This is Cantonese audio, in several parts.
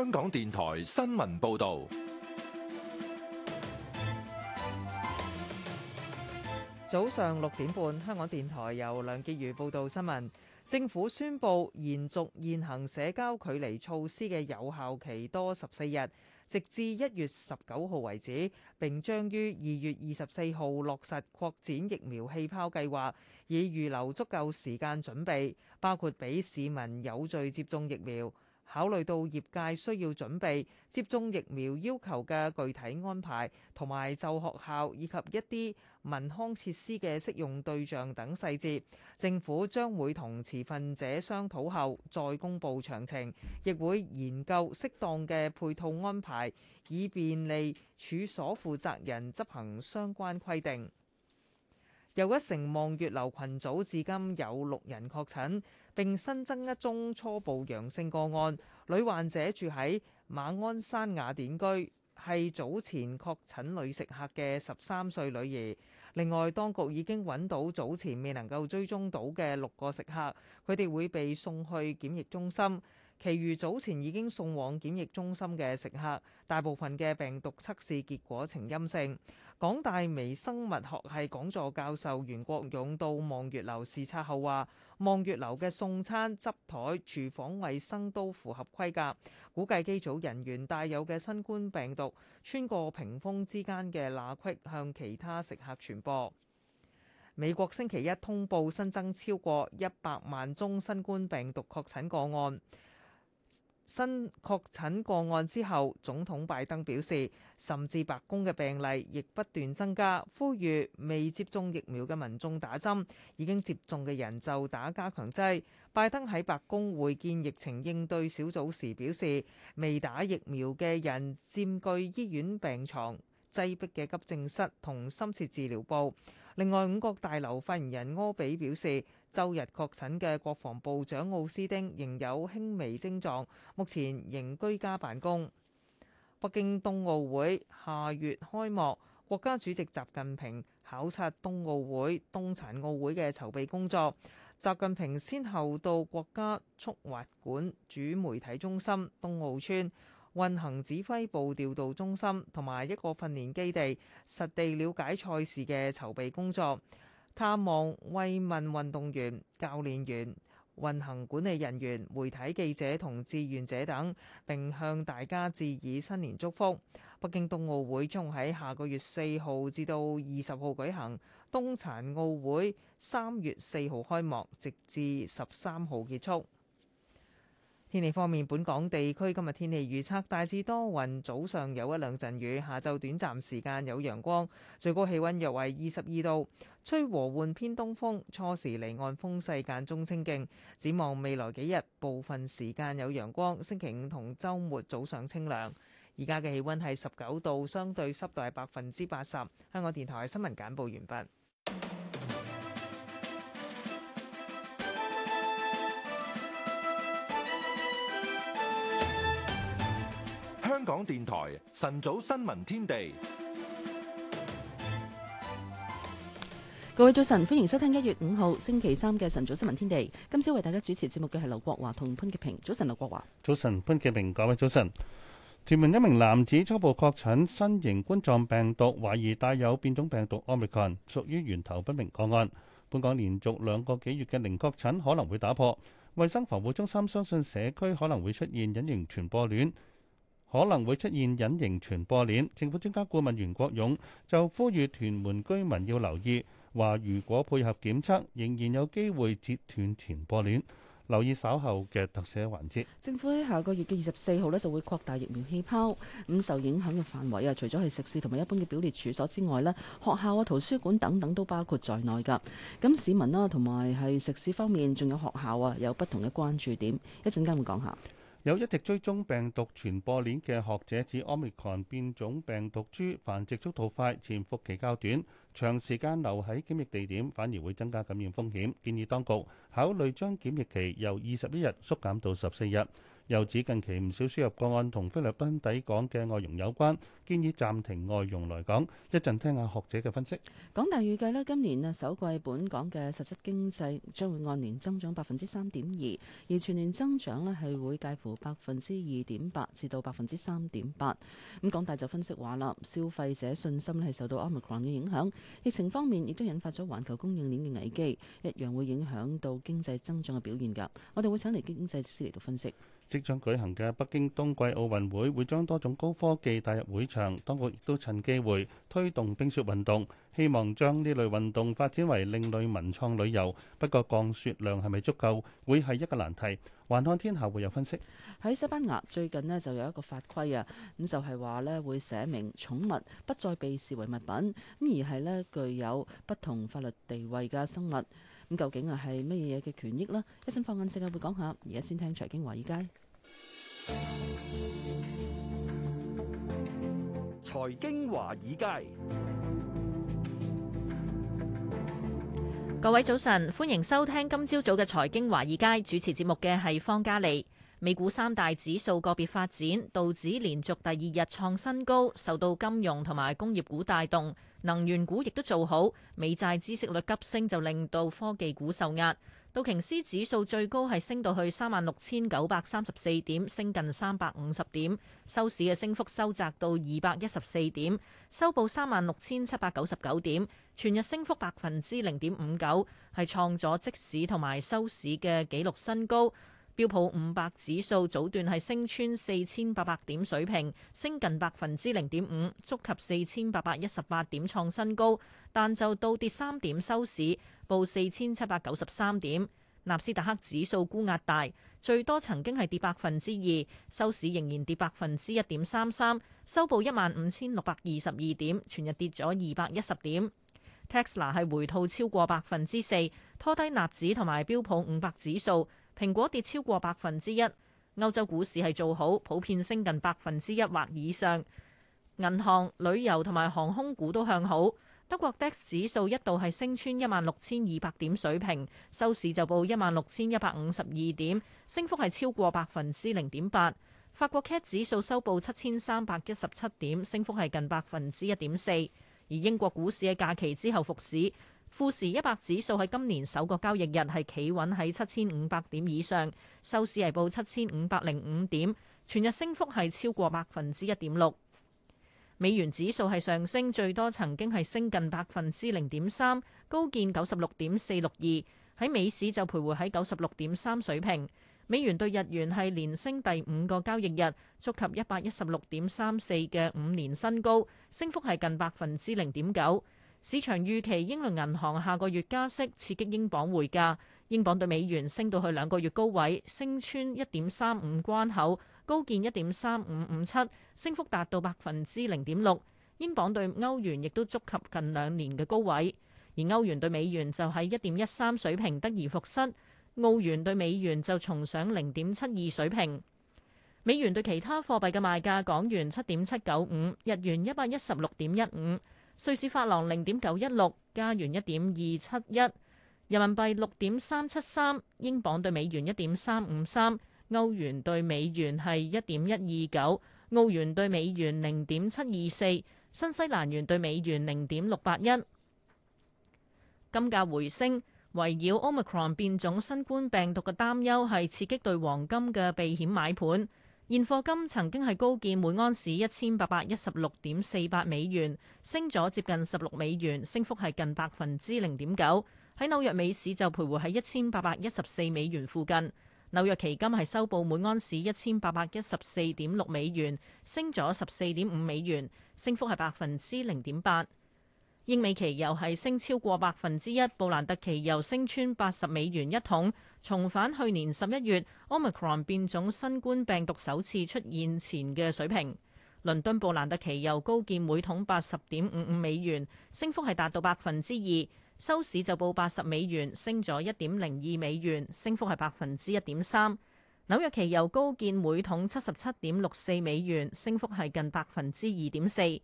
香港電台新聞報道，早上六點半，香港電台由梁潔如報道新聞。政府宣佈延續現行社交距離措施嘅有效期多十四日，直至一月十九號為止，並將於二月二十四號落實擴展疫苗氣泡計劃，以預留足夠時間準備，包括俾市民有序接種疫苗。考慮到業界需要準備接種疫苗要求嘅具體安排，同埋就學校以及一啲民康設施嘅適用對象等細節，政府將會同持份者商討後再公布詳情，亦會研究適當嘅配套安排，以便利處所負責人執行相關規定。又一城望月樓群組至今有六人確診。並新增一宗初步陽性個案，女患者住喺馬鞍山雅典居，係早前確診女食客嘅十三歲女兒。另外，當局已經揾到早前未能夠追蹤到嘅六個食客，佢哋會被送去檢疫中心。其餘早前已經送往檢疫中心嘅食客，大部分嘅病毒測試結果呈陰性。港大微生物學系講座教授袁國勇到望月樓視察後話。望月樓嘅送餐執枱、廚房衛生都符合規格，估計機組人員帶有嘅新冠病毒，穿過屏風之間嘅罅隙向其他食客傳播。美國星期一通報新增超過一百萬宗新冠病毒確診個案。新確診個案之後，總統拜登表示，甚至白宮嘅病例亦不斷增加，呼籲未接種疫苗嘅民眾打針，已經接種嘅人就打加強劑。拜登喺白宮會見疫情應對小組時表示，未打疫苗嘅人佔據醫院病床、擠迫嘅急症室同深切治療部。另外，五角大樓發言人柯比表示：周日確診嘅國防部長奧斯丁仍有輕微症狀，目前仍居家辦公。北京冬奧會下月開幕，國家主席習近平考察冬奧會、冬殘奧會嘅籌備工作。習近平先後到國家速滑館、主媒體中心、冬奧村、運行指揮部調度中心同埋一個訓練基地，實地了解賽事嘅籌備工作。探望慰問運動員、教練員、運行管理人員、媒體記者同志願者等，並向大家致以新年祝福。北京冬奧會將喺下個月四號至到二十號舉行，冬殘奧會三月四號開幕，直至十三號結束。天氣方面，本港地區今日天氣預測大致多雲，早上有一兩陣雨，下晝短暫時間有陽光，最高氣溫約為二十二度，吹和緩偏東風，初時離岸風勢間中清勁。展望未來幾日，部分時間有陽光，星期五同周末早上清涼。而家嘅氣溫係十九度，相對濕度係百分之八十。香港電台新聞簡報完畢。香港電台晨早新聞天地，各位早晨，歡迎收聽一月五號星期三嘅晨早新聞天地。今朝為大家主持節目嘅係劉國華同潘潔平。早晨，劉國華。早晨，潘潔平。各位早晨。屯門一名男子初步確診新型冠狀病毒，懷疑帶有變種病毒 Omicron，屬於源頭不明個案。本港連續兩個幾月嘅零確診可能會打破衛生防護中心，相信社區可能會出現隱形傳播鏈。可能會出現隱形傳播鏈，政府專家顧問袁國勇就呼籲屯門居民要留意，話如果配合檢測，仍然有機會截斷傳播鏈。留意稍後嘅特寫環節。政府喺下個月嘅二十四號咧就會擴大疫苗氣泡，唔受影響嘅範圍啊，除咗係食肆同埋一般嘅表列處所之外咧，學校啊、圖書館等等都包括在內㗎。咁市民啦同埋係食肆方面，仲有學校啊，有不同嘅關注點，一陣間會講下。有一直追蹤病毒傳播鏈嘅學者指，Omicron 變種病毒株繁殖速度快，潛伏期較短，長時間留喺檢疫地點反而會增加感染風險，建議當局考慮將檢疫期由二十一日縮減到十四日。又指近期唔少輸入個案同菲律賓抵港嘅外傭有關，建議暫停外傭來港。一陣聽下學者嘅分析。港大預計咧，今年啊首季本港嘅實質經濟將會按年增長百分之三點二，而全年增長咧係會介乎百分之二點八至到百分之三點八。咁港大就分析話啦，消費者信心咧係受到 Omicron 嘅影響，疫情方面亦都引發咗環球供應鏈嘅危機，一樣會影響到經濟增長嘅表現㗎。我哋會請嚟經濟師嚟到分析。即將舉行嘅北京冬季奧運會會將多種高科技帶入會場，當局亦都趁機會推動冰雪運動，希望將呢類運動發展為另類文創旅遊。不過降雪量係咪足夠，會係一個難題。環看天下會有分析。喺西班牙最近呢就有一個法規啊，咁就係話呢會寫明寵物不再被視為物品，咁而係呢具有不同法律地位嘅生物。咁究竟啊係乜嘢嘅權益啦？一陣放眼世界會講下。而家先聽財經華爾街。財經華爾街。爾街，各位早晨，歡迎收聽今朝早嘅財經華爾街。主持節目嘅係方嘉利。美股三大指數個別發展，道指連續第二日創新高，受到金融同埋工業股帶動。能源股亦都做好，美債孳息率急升就令到科技股受壓。道瓊斯指數最高係升到去三萬六千九百三十四點，升近三百五十點，收市嘅升幅收窄到二百一十四點，收報三萬六千七百九十九點，全日升幅百分之零點五九，係創咗即市同埋收市嘅紀錄新高。標普五百指數早段係升穿四千八百點水平，升近百分之零點五，觸及四千八百一十八點創新高，但就到跌三點收市，報四千七百九十三點。納斯達克指數沽壓大，最多曾經係跌百分之二，收市仍然跌百分之一點三三，收報一萬五千六百二十二點，全日跌咗二百一十點。Tesla 係回吐超過百分之四，拖低納指同埋標普五百指數。蘋果跌超過百分之一，歐洲股市係做好，普遍升近百分之一或以上。銀行、旅遊同埋航空股都向好。德國 DAX 指數一度係升穿一萬六千二百點水平，收市就報一萬六千一百五十二點，升幅係超過百分之零點八。法國 CAC 指數收報七千三百一十七點，升幅係近百分之一點四。而英國股市喺假期之後復市。富時一百指數喺今年首個交易日係企穩喺七千五百點以上，收市係報七千五百零五點，全日升幅係超過百分之一點六。美元指數係上升，最多曾經係升近百分之零點三，高見九十六點四六二。喺美市就徘徊喺九十六點三水平。美元對日元係連升第五個交易日，觸及一百一十六點三四嘅五年新高，升幅係近百分之零點九。市場預期英倫銀行下個月加息，刺激英鎊匯價。英鎊對美元升到去兩個月高位，升穿一點三五關口，高見一點三五五七，升幅達到百分之零點六。英鎊對歐元亦都觸及近兩年嘅高位，而歐元對美元就喺一點一三水平得而復失。澳元對美元就重上零點七二水平。美元對其他貨幣嘅賣價：港元七點七九五，日元一百一十六點一五。瑞士法郎零點九一六，加元一點二七一，人民幣六點三七三，英鎊對美元一點三五三，歐元對美元係一點一二九，澳元對美元零點七二四，新西蘭元對美元零點六八一。金價回升，圍繞 Omicron 變種新冠病毒嘅擔憂係刺激對黃金嘅避險買盤。現貨金曾經係高見每盎司一千八百一十六點四八美元，升咗接近十六美元，升幅係近百分之零點九。喺紐約美市就徘徊喺一千八百一十四美元附近。紐約期金係收報每盎司一千八百一十四點六美元，升咗十四點五美元，升幅係百分之零點八。英美期油係升超過百分之一，布蘭特期油升穿八十美元一桶。重返去年十一月 Omicron 變種新冠病毒首次出現前嘅水平。倫敦布蘭特期油高見每桶八十點五五美元，升幅係達到百分之二，收市就報八十美元，升咗一點零二美元，升幅係百分之一點三。紐約期油高見每桶七十七點六四美元，升幅係近百分之二點四，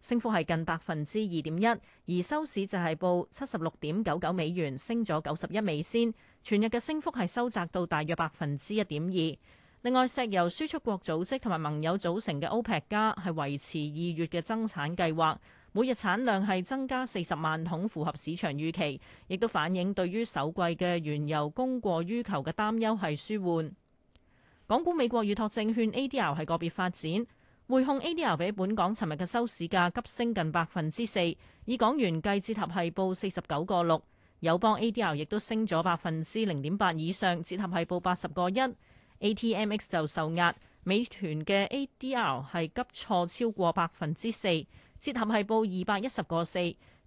升幅係近百分之二點一，而收市就係報七十六點九九美元，升咗九十一美仙。全日嘅升幅係收窄到大約百分之一點二。另外，石油輸出國組織同埋盟友組成嘅 OPEC 加係維持二月嘅增產計劃，每日產量係增加四十萬桶，符合市場預期，亦都反映對於首季嘅原油供過於求嘅擔憂係舒緩。港股美國預託證券 ADR 係個別發展，匯控 ADR 比本港尋日嘅收市價急升近百分之四，以港元計，折合係報四十九個六。友邦 ADR 亦都升咗百分之零點八以上，折合係報八十個一。ATMX 就受壓，美團嘅 ADR 係急挫超過百分之四，折合係報二百一十個四。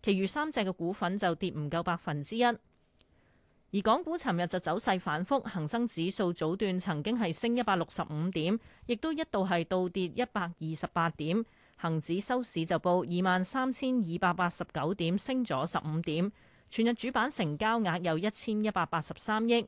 其餘三隻嘅股份就跌唔夠百分之一。而港股尋日就走勢反覆，恒生指數早段曾經係升一百六十五點，亦都一度係倒跌一百二十八點。恒指收市就報二萬三千二百八十九點，升咗十五點。全日主板成交額有一千一百八十三億。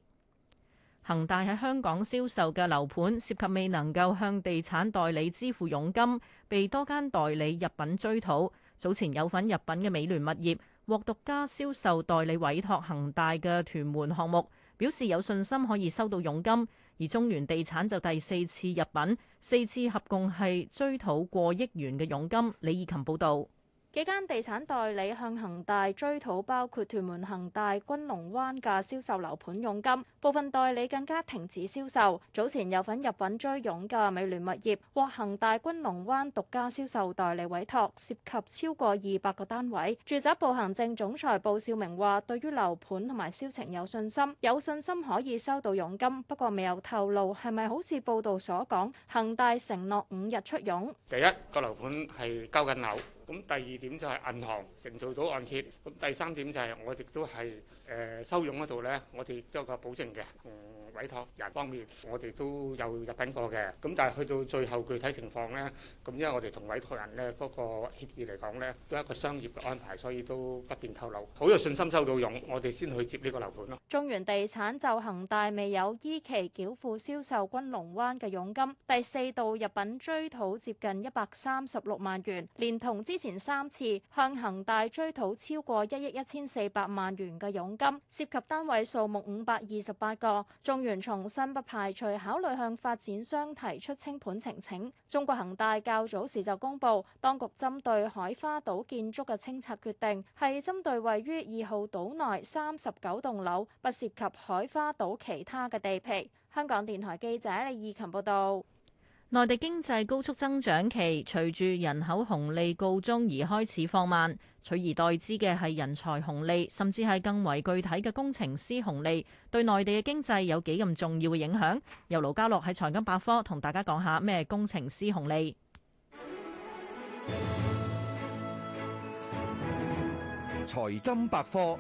恒大喺香港銷售嘅樓盤涉及未能夠向地產代理支付佣金，被多間代理入稟追討。早前有份入稟嘅美聯物業獲獨家銷售代理委託恒大嘅屯門項目，表示有信心可以收到佣金。而中原地產就第四次入稟，四次合共係追討過億元嘅佣金。李義琴報導。幾間地產代理向恒大追討，包括屯門恒大君龍灣嘅銷售樓盤佣金。部分代理更加停止銷售。早前有份入稟追佣嘅美聯物業獲恒大君龍灣獨家銷售代理委託，涉及超過二百個單位。住宅部行政總裁報少明話，對於樓盤同埋銷情有信心，有信心可以收到佣金，不過未有透露係咪好似報道所講，恒大承諾五日出佣。第一個樓盤係交緊樓。咁第二點就係銀行承做到按揭，咁第三點就係我哋都係誒、呃、收佣嗰度咧，我哋都有個保證嘅、嗯，委託人方面我哋都有入稟過嘅，咁但係去到最後具體情況咧，咁因為我哋同委託人咧嗰個協議嚟講咧，都係一個商業嘅安排，所以都不便透露。好有信心收到佣我哋先去接呢個樓盤咯。中原地產就恒大未有依期繳付銷售君龍灣嘅佣金，第四度入稟追討接近一百三十六萬元，連同之前三次向恒大追討超過一億一千四百萬元嘅佣金，涉及單位數目五百二十八個。中原重新不排除考慮向發展商提出清盤呈請。中國恒大較早時就公布，當局針對海花島建築嘅清拆決定係針對位於二號島內三十九棟樓，不涉及海花島其他嘅地皮。香港電台記者李義琴報道。內地經濟高速增長期，隨住人口紅利告終而開始放慢，取而代之嘅係人才紅利，甚至係更為具體嘅工程師紅利，對內地嘅經濟有幾咁重要嘅影響？由盧家樂喺財金百科同大家講下咩工程師紅利。財金百科。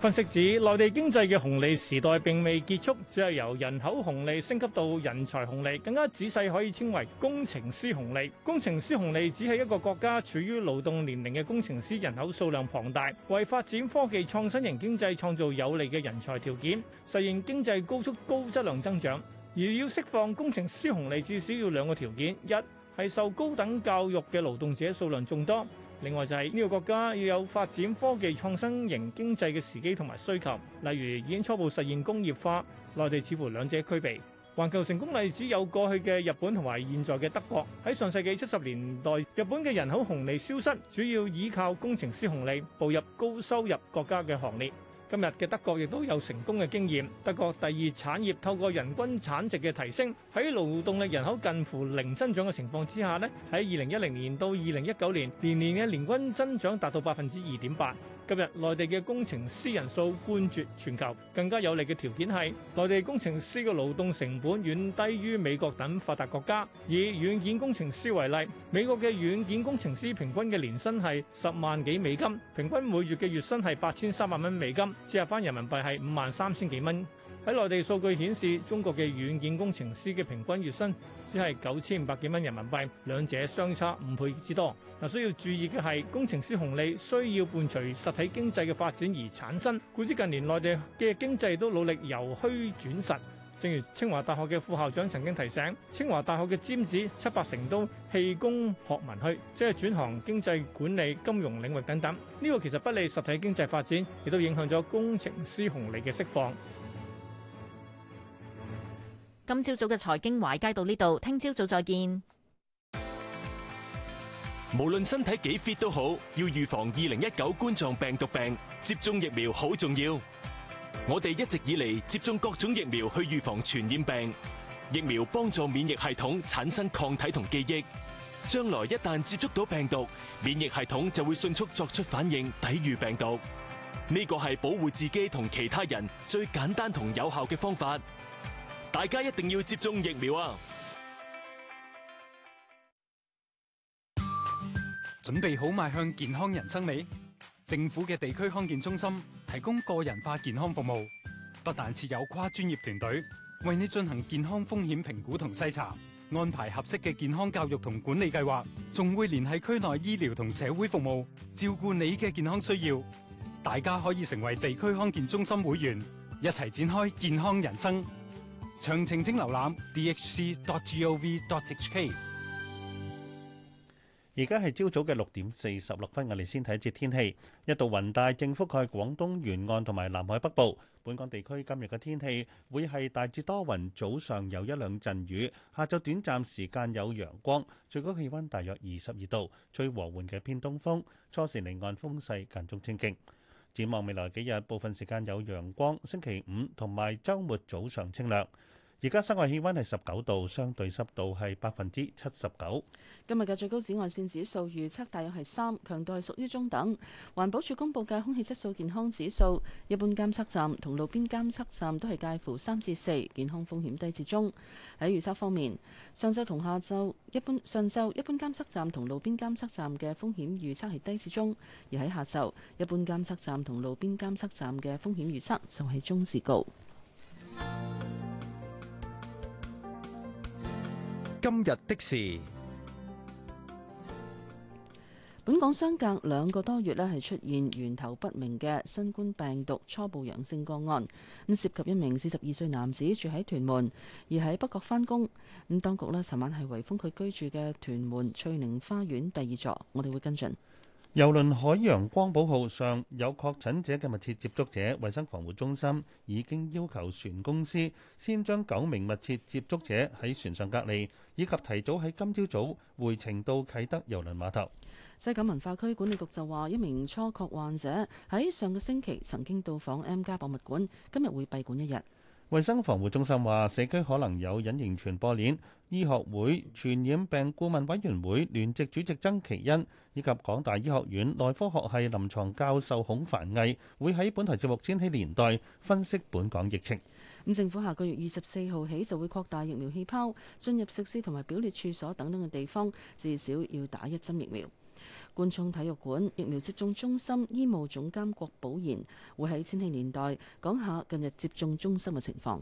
分析指，內地經濟嘅紅利時代並未結束，只係由人口紅利升級到人才紅利，更加仔細可以稱為工程師紅利。工程師紅利只係一個國家處於勞動年齡嘅工程師人口數量龐大，為發展科技創新型經濟創造有利嘅人才條件，實現經濟高速高質量增長。而要釋放工程師紅利，至少要兩個條件：一係受高等教育嘅勞動者數量眾多。另外就係呢個國家要有發展科技創新型經濟嘅時機同埋需求，例如已經初步實現工業化，內地似乎兩者俱備。環球成功例子有過去嘅日本同埋現在嘅德國。喺上世紀七十年代，日本嘅人口紅利消失，主要倚靠工程師紅利，步入高收入國家嘅行列。今日嘅德國亦都有成功嘅經驗。德國第二產業透過人均產值嘅提升，喺勞動力人口近乎零增長嘅情況之下咧，喺二零一零年到二零一九年，年年嘅年均增長達到百分之二點八。今日內地嘅工程師人數冠絕全球，更加有利嘅條件係內地工程師嘅勞動成本遠低於美國等發達國家。以軟件工程師為例，美國嘅軟件工程師平均嘅年薪係十萬幾美金，平均每月嘅月薪係八千三百蚊美金。折合翻人民幣係五萬三千幾蚊。喺內地數據顯示，中國嘅軟件工程師嘅平均月薪只係九千五百幾蚊人民幣，兩者相差五倍之多。需要注意嘅係，工程師紅利需要伴隨實體經濟嘅發展而產生。故此近年內地嘅經濟都努力由虛轉實。正如清華大學嘅副校長曾經提醒，清華大學嘅尖子七八成都棄工學文虛，即係轉行經濟管理、金融領域等等。呢個其實不利實體經濟發展，亦都影響咗工程師紅利嘅釋放。今朝早嘅財經華爾街到呢度，聽朝早再見。無論身體幾 fit 都好，要預防二零一九冠狀病毒病，接種疫苗好重要。我哋一直以嚟接種各種疫苗去預防傳染病，疫苗幫助免疫系統產生抗體同記憶。將來一旦接觸到病毒，免疫系統就會迅速作出反應，抵禦病毒。呢個係保護自己同其他人最簡單同有效嘅方法。大家一定要接種疫苗啊！準備好邁向健康人生未？政府嘅地區康健中心提供個人化健康服務，不但設有跨專業團隊，為你進行健康風險評估同篩查，安排合適嘅健康教育同管理計劃，仲會聯繫區內醫療同社會服務，照顧你嘅健康需要。大家可以成為地區康健中心會員，一齊展開健康人生。詳情請瀏覽 dhc.gov.hk。而家係朝早嘅六點四十六分，我哋先睇一節天氣。一道雲帶正覆蓋廣東沿岸同埋南海北部。本港地區今日嘅天氣會係大致多雲，早上有一兩陣雨，下晝短暫時間有陽光，最高氣溫大約二十二度，吹和緩嘅偏東風，初時離岸風勢間中清勁。展望未來幾日，部分時間有陽光，星期五同埋週末早上清涼。而家室外氣溫係十九度，相對濕度係百分之七十九。今日嘅最高紫外線指數預測大約係三，強度係屬於中等。環保署公布嘅空氣質素健康指數，一般監測站同路邊監測站都係介乎三至四，健康風險低至中。喺預測方面，上晝同下晝，一般上晝一般監測站同路邊監測站嘅風險預測係低至中，而喺下晝，一般監測站同路邊監測站嘅風險預測就係中至高。今日的事，本港相隔兩個多月咧，係出現源頭不明嘅新冠病毒初步陽性個案。咁涉及一名四十二歲男子，住喺屯門，而喺北角翻工。咁當局咧，尋晚係圍封佢居住嘅屯門翠寧花園第二座。我哋會跟進。郵輪海洋光譜號上有確診者嘅密切接觸者，衛生防護中心已經要求船公司先將九名密切接觸者喺船上隔離，以及提早喺今朝早回程到啟德郵輪碼頭。西九文化區管理局就話，一名初確患者喺上個星期曾經到訪 M 家博物館，今日會閉館一日。衛生防護中心話，社區可能有隱形傳播鏈。醫學會傳染病顧問委員會聯席主席曾其恩以及港大醫學院內科學系臨床教授孔凡毅會喺本台節目《千禧年代》分析本港疫情。咁政府下個月二十四號起就會擴大疫苗氣泡，進入食肆同埋表列處所等等嘅地方，至少要打一針疫苗。冠沖體育館疫苗接種中心醫務總監郭寶賢會喺千禧年代講下近日接種中心嘅情況。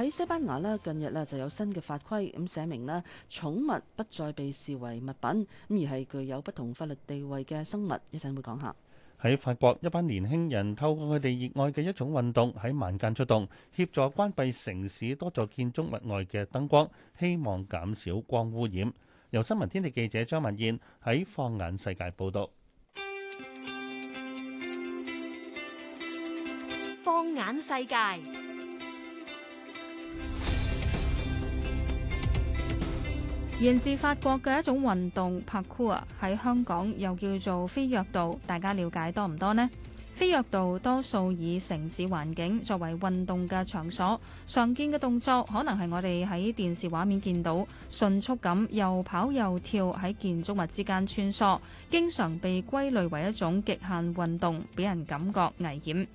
喺西班牙咧，近日咧就有新嘅法規，咁寫明咧寵物不再被視為物品，咁而係具有不同法律地位嘅生物。一陣會講下。喺法國，一班年輕人透過佢哋熱愛嘅一種運動喺晚間出動，協助關閉城市多座建築物外嘅燈光，希望減少光污染。由新聞天地記者張文燕喺放眼世界報道。放眼世界。源自法國嘅一種運動，Parkour，喺香港又叫做飛躍道，大家了解多唔多呢？飛躍道多數以城市環境作為運動嘅場所，常見嘅動作可能係我哋喺電視畫面見到，迅速咁又跑又跳喺建築物之間穿梭，經常被歸類為一種極限運動，俾人感覺危險。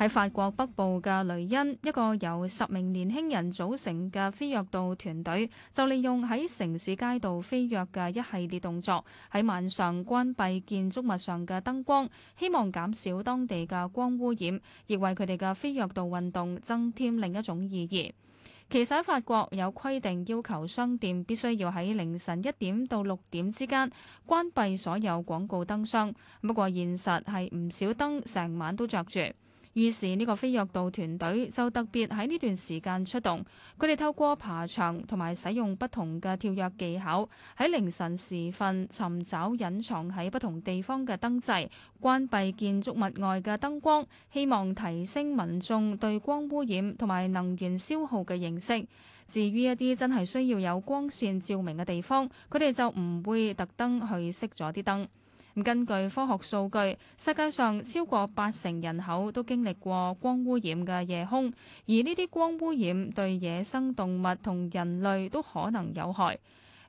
喺法國北部嘅雷恩，一個由十名年輕人組成嘅飛躍道團隊，就利用喺城市街道飛躍嘅一系列動作，喺晚上關閉建築物上嘅燈光，希望減少當地嘅光污染，亦為佢哋嘅飛躍道運動增添另一種意義。其實喺法國有規定要求商店必須要喺凌晨一點到六點之間關閉所有廣告燈箱，不過現實係唔少燈成晚都着住。於是呢個飛躍道團隊就特別喺呢段時間出動，佢哋透過爬牆同埋使用不同嘅跳躍技巧，喺凌晨時分尋找隱藏喺不同地方嘅燈掣，關閉建築物外嘅燈光，希望提升民眾對光污染同埋能源消耗嘅認識。至於一啲真係需要有光線照明嘅地方，佢哋就唔會特登去熄咗啲燈。根據科學數據，世界上超過八成人口都經歷過光污染嘅夜空，而呢啲光污染對野生動物同人類都可能有害。呢、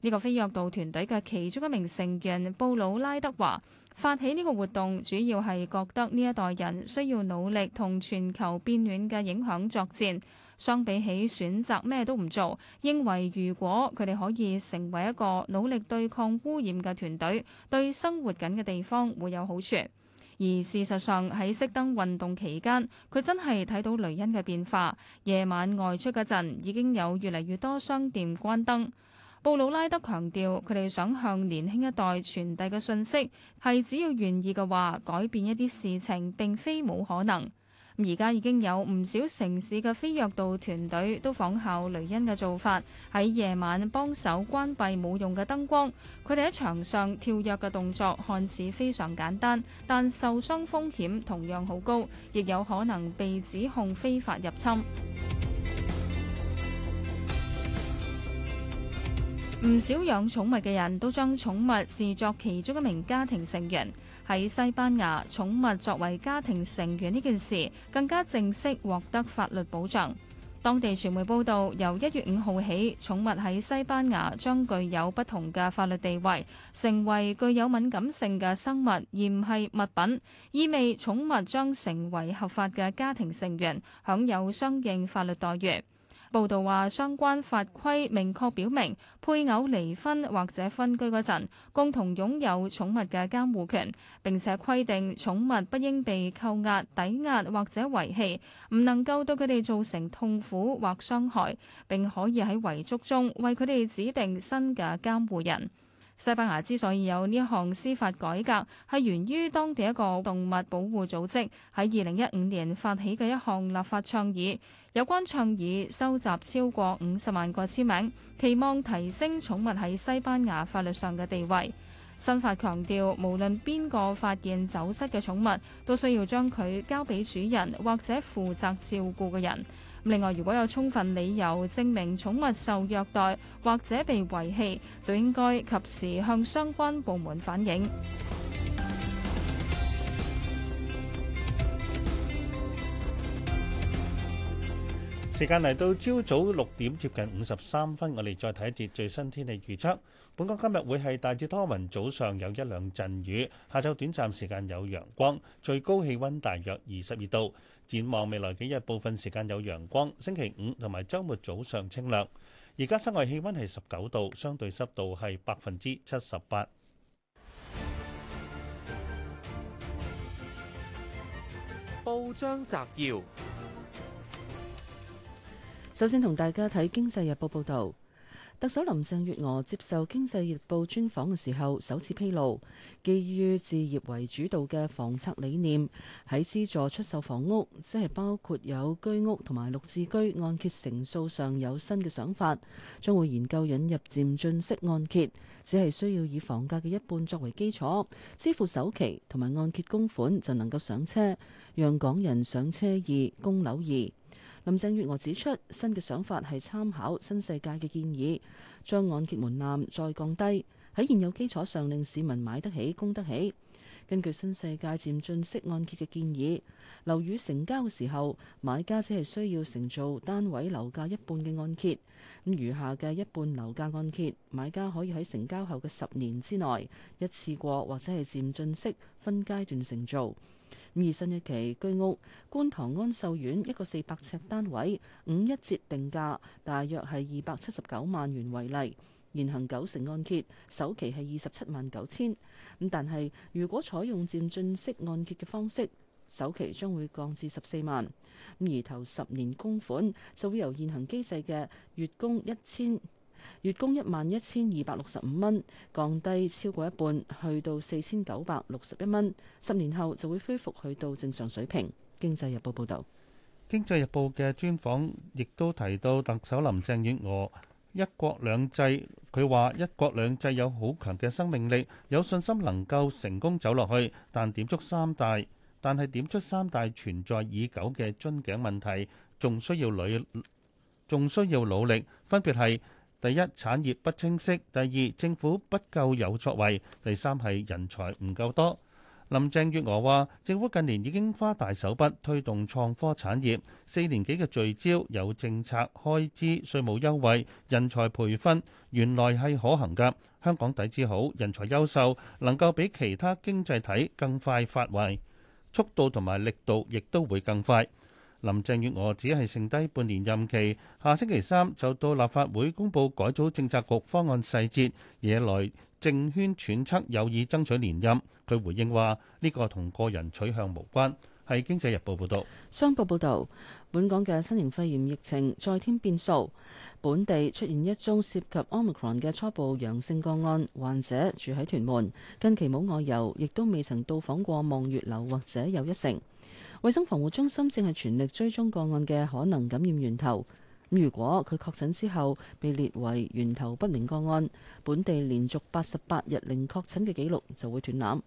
這個非躍道團隊嘅其中一名成員布魯拉德華，發起呢個活動主要係覺得呢一代人需要努力同全球變暖嘅影響作戰。相比起選擇咩都唔做，認為如果佢哋可以成為一個努力對抗污染嘅團隊，對生活緊嘅地方會有好處。而事實上喺熄燈運動期間，佢真係睇到雷恩嘅變化。夜晚外出嗰陣已經有越嚟越多商店關燈。布魯拉德強調，佢哋想向年輕一代傳遞嘅信息係，只要願意嘅話，改變一啲事情並非冇可能。而家已經有唔少城市嘅飛躍道團隊都仿效雷恩嘅做法，喺夜晚幫手關閉冇用嘅燈光。佢哋喺牆上跳躍嘅動作看似非常簡單，但受傷風險同樣好高，亦有可能被指控非法入侵。唔少養寵物嘅人都將寵物視作其中一名家庭成員。喺西班牙，寵物作為家庭成員呢件事更加正式獲得法律保障。當地傳媒報道，由一月五號起，寵物喺西班牙將具有不同嘅法律地位，成為具有敏感性嘅生物，而唔係物品，意味寵物將成為合法嘅家庭成員，享有相應法律待遇。報道話，相關法規明確表明，配偶離婚或者分居嗰陣，共同擁有寵物嘅監護權。並且規定，寵物不應被扣押、抵押或者遺棄，唔能夠對佢哋造成痛苦或傷害。並可以喺遺囑中為佢哋指定新嘅監護人。西班牙之所以有呢項司法改革，係源於當地一個動物保護組織喺二零一五年發起嘅一項立法倡議。有關倡議收集超過五十萬個簽名，期望提升寵物喺西班牙法律上嘅地位。新法強調，無論邊個發現走失嘅寵物，都需要將佢交俾主人或者負責照顧嘅人。另外，如果有充分理由證明寵物受虐待或者被遺棄，就應該及時向相關部門反映。時間嚟到朝早六點接近五十三分，我哋再睇一節最新天氣預測。本港今日會係大致多雲，早上有一兩陣雨，下晝短暫時間有陽光，最高氣溫大約二十二度。展望未來幾日，部分時間有陽光，星期五同埋周末早上清涼。而家室外氣溫係十九度，相對濕度係百分之七十八。報章摘要。首先同大家睇《經濟日報》報導，特首林鄭月娥接受《經濟日報》專訪嘅時候，首次披露，基於置業為主導嘅房策理念，喺資助出售房屋，即係包括有居屋同埋綠置居按揭成數上有新嘅想法，將會研究引入漸進式按揭，只係需要以房價嘅一半作為基礎支付首期同埋按揭供款，就能夠上車，讓港人上車易，供樓易。林鄭月娥指出，新嘅想法係參考新世界嘅建議，將按揭門檻再降低，喺現有基礎上令市民買得起、供得起。根據新世界漸進式按揭嘅建議，樓宇成交嘅時候，買家只係需要承造單位樓價一半嘅按揭，咁餘下嘅一半樓價按揭，買家可以喺成交後嘅十年之內一次過，或者係漸進式分階段承造。咁而新一期居屋觀塘安秀苑一個四百尺單位，五一折定價大約係二百七十九萬元為例，現行九成按揭，首期係二十七萬九千。咁但係如果採用漸進式按揭嘅方式，首期將會降至十四萬。咁而頭十年供款就會由現行機制嘅月供一千，月供一萬一千二百六十五蚊，降低超過一半，去到四千九百六十一蚊。十年後就會恢復去到正常水平。經濟日報報導，經濟日報嘅專訪亦都提到特首林鄭月娥一國兩制。佢話一國兩制有好強嘅生命力，有信心能夠成功走落去。但點足三大，但係點出三大存在已久嘅樽頸問題，仲需要努仲需要努力，分別係。第一，產業不清晰，第二，政府不夠有作為，第三，係人才唔夠多。林鄭月娥話：政府近年已經花大手筆推動創科產業，四年幾嘅聚焦有政策、開支、稅務優惠、人才培訓，原來係可行㗎。香港底子好，人才優秀，能夠比其他經濟體更快發圍，速度同埋力度亦都會更快。林鄭月娥只係剩低半年任期，下星期三就到立法會公佈改組政策局方案細節，惹來政圈揣測有意爭取連任。佢回應話：呢個同個人取向無關。係《經濟日報》報導。商報報導，本港嘅新型肺炎疫情再添變數，本地出現一宗涉及 Omicron 嘅初步陽性個案，患者住喺屯門，近期冇外遊，亦都未曾到訪過望月樓或者又一城。衞生防護中心正係全力追蹤個案嘅可能感染源頭。咁如果佢確診之後被列為源頭不明個案，本地連續八十八日零確診嘅記錄就會斷纜。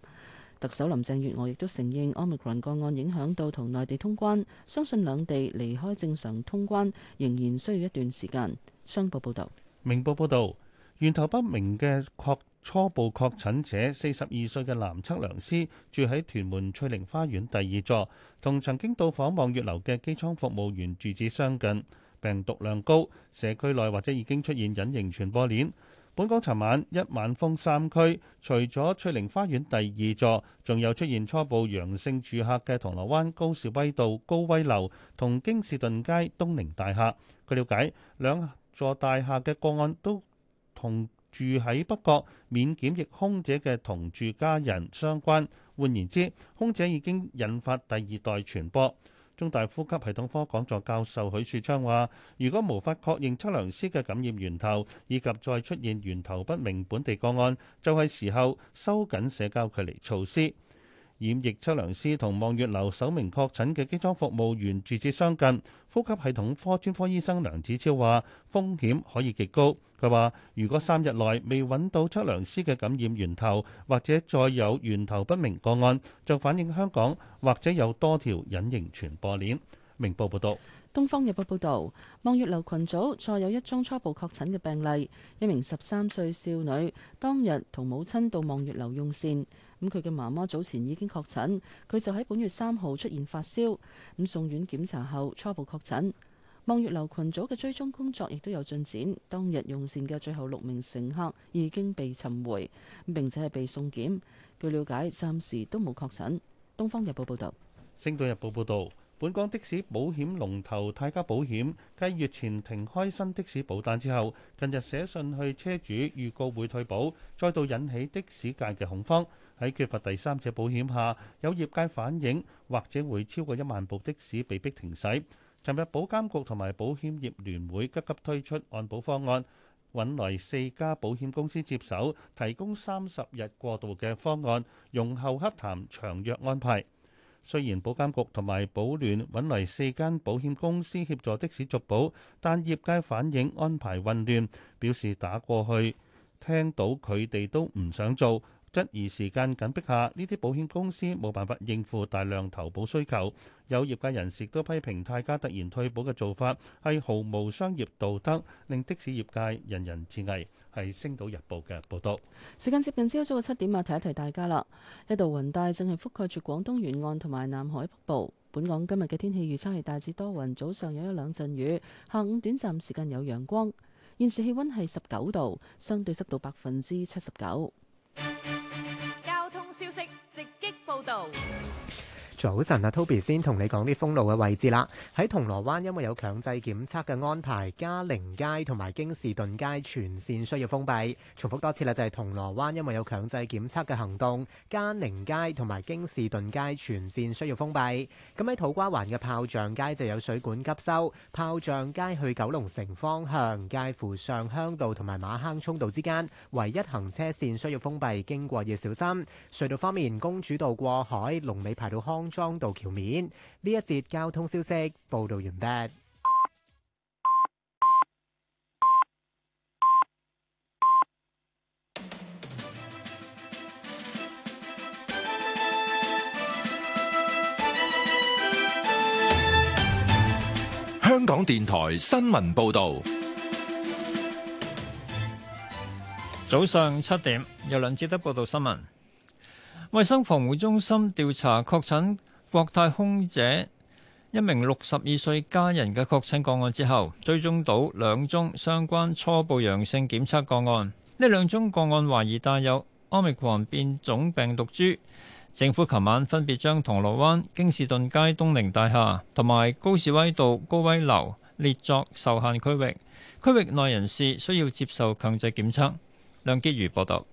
特首林鄭月娥亦都承認，奧密克戎個案影響到同內地通關，相信兩地離開正常通關仍然需要一段時間。商報報導，明報報道：源頭不明嘅確初步確診者四十二歲嘅男測量師，住喺屯門翠寧花園第二座，同曾經到訪望月樓嘅機艙服務員住址相近，病毒量高，社區內或者已經出現隱形傳播鏈。本港尋晚一晚封三區，除咗翠寧花園第二座，仲有出現初步陽性住客嘅銅鑼灣高士威道高威樓同京士頓街東寧大廈。據了解，兩座大廈嘅個案都同住喺北角免檢疫空姐嘅同住家人相關，換言之，空姐已經引發第二代傳播。中大呼吸系統科講座教授許樹昌話，如果無法確認測量師嘅感染源頭以及再出現源頭不明本地個案，就係時候收緊社交距離措施。染疫測量師同望月樓首名確診嘅機艙服務員住址相近，呼吸系統科專科醫生梁子超話，風險可以極高。就話：如果三日內未揾到測量師嘅感染源頭，或者再有源頭不明個案，就反映香港或者有多條隱形傳播鏈。明報報道，東方日報報道，望月樓群組再有一宗初步確診嘅病例，一名十三歲少女，當日同母親到望月樓用膳，咁佢嘅媽媽早前已經確診，佢就喺本月三號出現發燒，咁送院檢查後初步確診。望月樓群組嘅追蹤工作亦都有進展，當日用膳嘅最後六名乘客已經被尋回，並且係被送檢。據了解，暫時都冇確診。《東方日報》報導，《星島日報》報導，本港的士保險龍頭泰加保險繼月前停開新的士保單之後，近日寫信去車主預告會退保，再度引起的士界嘅恐慌。喺缺乏第三者保險下，有業界反映，或者會超過一萬部的士被逼停駛。尋日，保監局同埋保險業聯會急急推出按保方案，揾來四家保險公司接手，提供三十日過渡嘅方案，容後洽談長約安排。雖然保監局同埋保聯揾嚟四間保險公司協助的士續保，但業界反映安排混亂，表示打過去，聽到佢哋都唔想做。質疑時間緊迫下，呢啲保險公司冇辦法應付大量投保需求。有業界人士亦都批評泰加突然退保嘅做法係毫無商業道德，令的士業界人人自危。係《星島日報》嘅報道。時間接近朝早嘅七點啊，提一提大家啦。一道雲帶正係覆蓋住廣東沿岸同埋南海北部。本港今日嘅天氣預測係大致多雲，早上有一兩陣雨，下午短暫時間有陽光。現時氣溫係十九度，相對濕度百分之七十九。交通消息直擊報道。早晨啊，Toby 先同你講啲封路嘅位置啦。喺銅鑼灣，因為有強制檢測嘅安排，加寧街同埋京士頓街全線需要封閉。重複多次啦，就係銅鑼灣因為有強制檢測嘅行動，加寧街同埋京士頓街全線需要封閉。咁喺土瓜灣嘅炮仗街就有水管急修，炮仗街去九龍城方向，介乎上鄉道同埋馬坑涌道之間，唯一行車線需要封閉，經過要小心。隧道方面，公主道過海龍尾排到康。康莊道橋面，呢一節交通消息報道完畢。香港電台新聞報道，早上七點由梁志德報道新聞。衞生防護中心調查確診國泰空姐一名六十二歲家人嘅確診個案之後，追蹤到兩宗相關初步陽性檢測個案。呢兩宗個案懷疑帶有 Omicron 變種病毒株。政府琴晚分別將銅鑼灣、京士頓街、東寧大廈同埋高士威道高威樓列作受限區域，區域內人士需要接受強制檢測。梁潔如報道。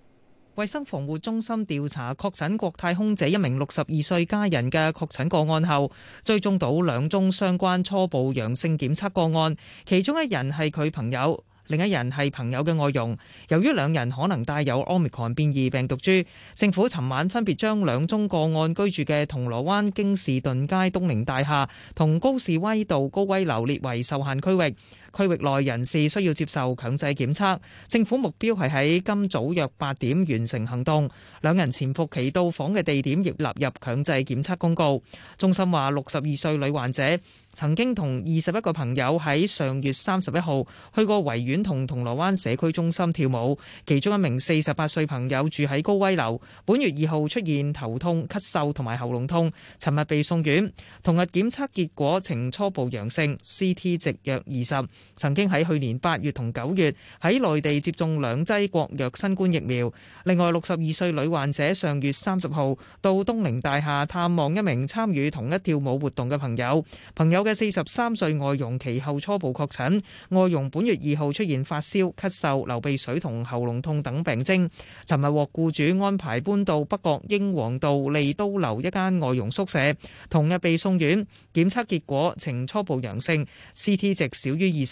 衛生防護中心調查確診國泰空姐一名六十二歲家人嘅確診個案後，追蹤到兩宗相關初步陽性檢測個案，其中一人係佢朋友，另一人係朋友嘅外傭。由於兩人可能帶有 Omicron 變異病毒株，政府尋晚分別將兩宗個案居住嘅銅鑼灣、京士頓街、東寧大廈同高士威道高威樓列為受限區域。區域內人士需要接受強制檢測。政府目標係喺今早約八點完成行動。兩人潛伏期到訪嘅地點亦納入強制檢測公告。中心話，六十二歲女患者曾經同二十一個朋友喺上月三十一號去過維園同銅鑼灣社區中心跳舞，其中一名四十八歲朋友住喺高威樓，本月二號出現頭痛、咳嗽同埋喉嚨痛，尋日被送院，同日檢測結果呈初步陽性，CT 值約二十。曾經喺去年八月同九月喺內地接種兩劑國藥新冠疫苗。另外，六十二歲女患者上月三十號到東寧大廈探望一名參與同一跳舞活動嘅朋友。朋友嘅四十三歲外傭，其後初步確診。外傭本月二號出現發燒、咳嗽、流鼻水同喉嚨痛等病徵。尋日獲雇主安排搬到北角英皇道利都樓一間外傭宿舍，同日被送院，檢測結果呈初步陽性，CT 值少於二十。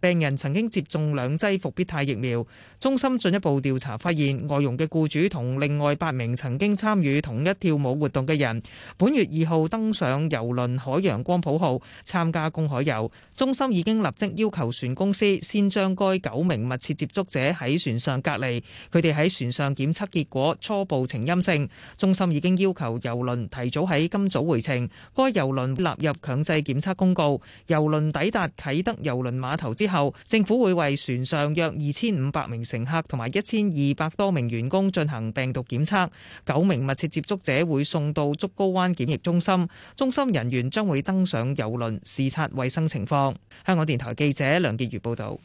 病人曾經接種兩劑復必泰疫苗。中心進一步調查發現，外傭嘅僱主同另外八名曾經參與同一跳舞活動嘅人，本月二號登上郵輪海洋光譜號參加公海遊。中心已經立即要求船公司先將該九名密切接觸者喺船上隔離。佢哋喺船上檢測結果初步呈陰性。中心已經要求郵輪提早喺今早回程。該郵輪會納入強制檢測公告。郵輪抵達啟德郵輪碼頭之之後，政府會為船上約二千五百名乘客同埋一千二百多名員工進行病毒檢測，九名密切接觸者會送到竹篙灣檢疫中心，中心人員將會登上郵輪視察衛生情況。香港電台記者梁潔如報道。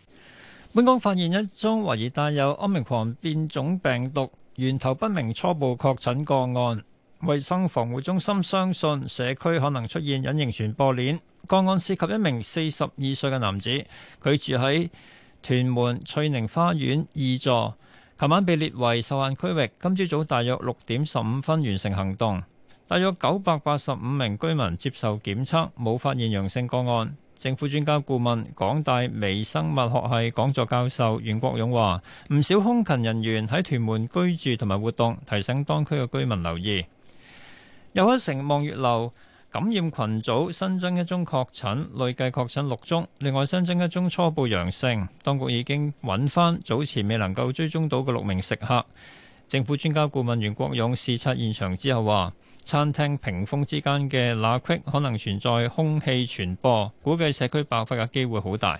本港發現一宗懷疑帶有奧密克戎變種病毒源頭不明初步確診個案。衞生防護中心相信社區可能出現隱形傳播鏈。個案涉及一名四十二歲嘅男子，佢住喺屯門翠寧花園二座，琴晚被列為受限區域。今朝早大約六點十五分完成行動，大約九百八十五名居民接受檢測，冇發現陽性個案。政府專家顧問、港大微生物學系講座教授袁國勇話：唔少空勤人員喺屯門居住同埋活動，提醒當區嘅居民留意。又一城望月樓感染群組新增一宗確診，累計確診六宗，另外新增一宗初步陽性。當局已經揾翻早前未能夠追蹤到嘅六名食客。政府專家顧問袁國勇視察現場之後話，餐廳屏風之間嘅罅隙可能存在空氣傳播，估計社區爆發嘅機會好大。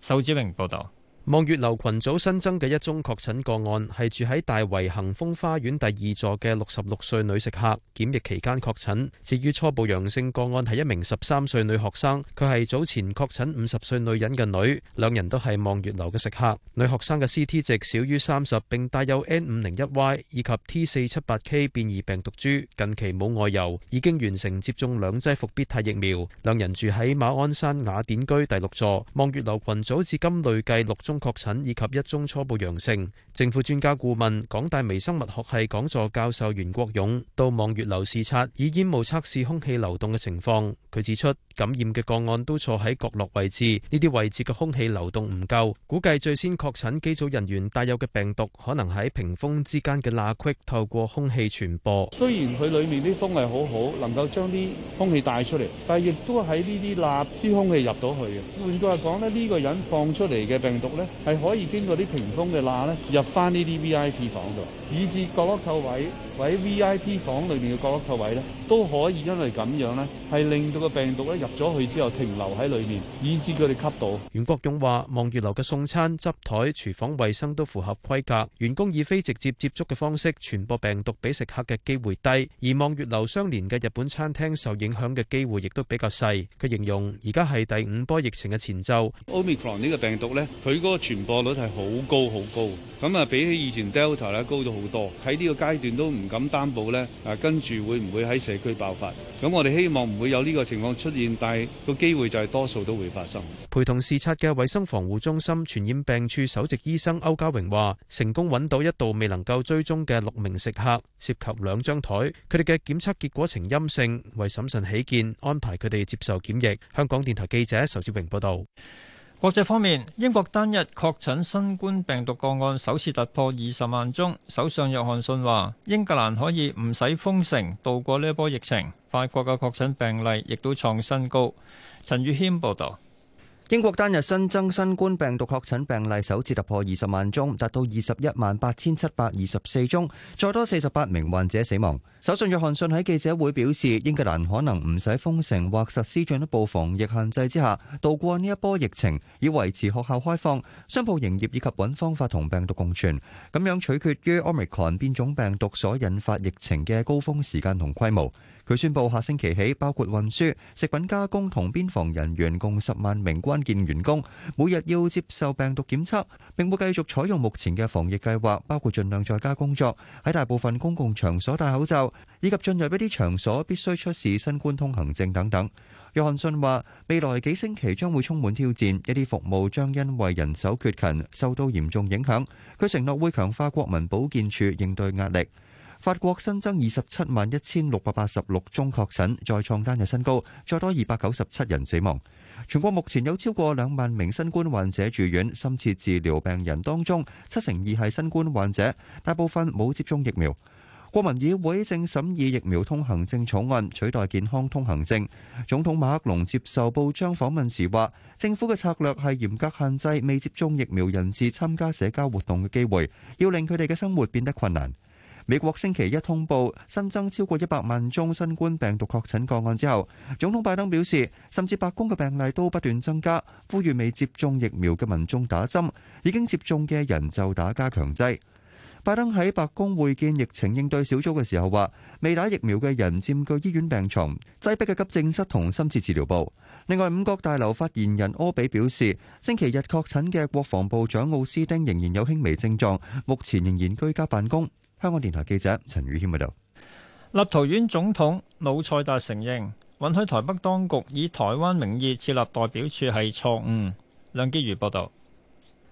仇志明報道。望月樓群組新增嘅一宗確診個案係住喺大圍恒豐花園第二座嘅六十六歲女食客，檢疫期間確診。至於初步陽性個案係一名十三歲女學生，佢係早前確診五十歲女人嘅女，兩人都係望月樓嘅食客。女學生嘅 C T 值少於三十，並帶有 N 五零一 Y 以及 T 四七八 K 變異病毒株，近期冇外遊，已經完成接種兩劑復必泰疫苗。兩人住喺馬鞍山雅典居第六座。望月樓群組至今累計六宗。確診以及一宗初步陽性，政府專家顧問、港大微生物學系講座教授袁國勇到望月樓視察，以煙霧測試空氣流動嘅情況。佢指出，感染嘅個案都坐喺角落位置，呢啲位置嘅空氣流動唔夠，估計最先確診機組人員帶有嘅病毒，可能喺屏風之間嘅罅隙透過空氣傳播。雖然佢裏面啲風係好好，能夠將啲空氣帶出嚟，但係亦都喺呢啲罅啲空氣入到去嘅。換句話講咧，呢呢個人放出嚟嘅病毒咧。係可以經過啲屏風嘅罅咧入翻呢啲 V I P 房度，以至角落扣位，或者 V I P 房裏面嘅角落扣位咧都可以，因為咁樣咧係令到個病毒咧入咗去之後停留喺裏面，以致佢哋吸到。袁國勇話：望月樓嘅送餐、執台、廚房衞生都符合規格，員工以非直接接觸嘅方式傳播病毒俾食客嘅機會低，而望月樓相連嘅日本餐廳受影響嘅機會亦都比較細。佢形容而家係第五波疫情嘅前奏，Omicron 呢個病毒咧，佢個傳播率係好高，好高。咁啊，比起以前 Delta 咧高咗好多。喺呢個階段都唔敢擔保咧，啊跟住會唔會喺社區爆發？咁我哋希望唔會有呢個情況出現，但係個機會就係多數都會發生。陪同視察嘅衞生防護中心傳染病處首席醫生歐家榮話：成功揾到一度未能夠追蹤嘅六名食客，涉及兩張台，佢哋嘅檢測結果呈陰性，為審慎起見安排佢哋接受檢疫。香港電台記者仇志榮報導。國際方面，英國單日確診新冠病毒個案首次突破二十萬宗，首相約翰遜話：英格蘭可以唔使封城度過呢一波疫情。法國嘅確診病例亦都創新高。陳宇謙報道。英國單日新增新冠病毒確診病例首次突破二十萬宗，達到二十一萬八千七百二十四宗，再多四十八名患者死亡。首相約翰遜喺記者會表示，英格蘭可能唔使封城或實施進一步防疫限制之下渡過呢一波疫情，以維持學校開放、商鋪營業以及揾方法同病毒共存，咁樣取決於 Omicron 變種病毒所引發疫情嘅高峰時間同規模。佢宣布下星期起，包括運輸、食品加工同邊防人員共十萬名關鍵員工，每日要接受病毒檢測，並會繼續採用目前嘅防疫計劃，包括盡量在家工作、喺大部分公共場所戴口罩以及進入一啲場所必須出示新冠通行證等等。約翰遜話：未來幾星期將會充滿挑戰，一啲服務將因為人手缺勤受到嚴重影響。佢承諾會強化國民保健署應對壓力。法國新增二十七萬一千六百八十六宗確診，再創單日新高，再多二百九十七人死亡。全國目前有超過兩萬名新冠患者住院，深切治療病人當中，七成二係新冠患者，大部分冇接種疫苗。國民議會正審議疫苗通行證草案，取代健康通行證。總統馬克龍接受報章訪問時話，政府嘅策略係嚴格限制未接種疫苗人士參加社交活動嘅機會，要令佢哋嘅生活變得困難。美國星期一通報新增超過一百萬宗新冠病毒確診個案之後，總統拜登表示，甚至白宮嘅病例都不斷增加，呼籲未接種疫苗嘅民眾打針，已經接種嘅人就打加強劑。拜登喺白宮會見疫情應對小組嘅時候話，未打疫苗嘅人佔據醫院病床，擠迫嘅急症室同深切治療部。另外，五角大樓發言人柯比表示，星期日確診嘅國防部長奧斯丁仍然有輕微症狀，目前仍然居家辦公。香港電台記者陳宇謙報道，立陶宛總統魯塞達承認，允許台北當局以台灣名義設立代表處係錯誤。梁潔如報道，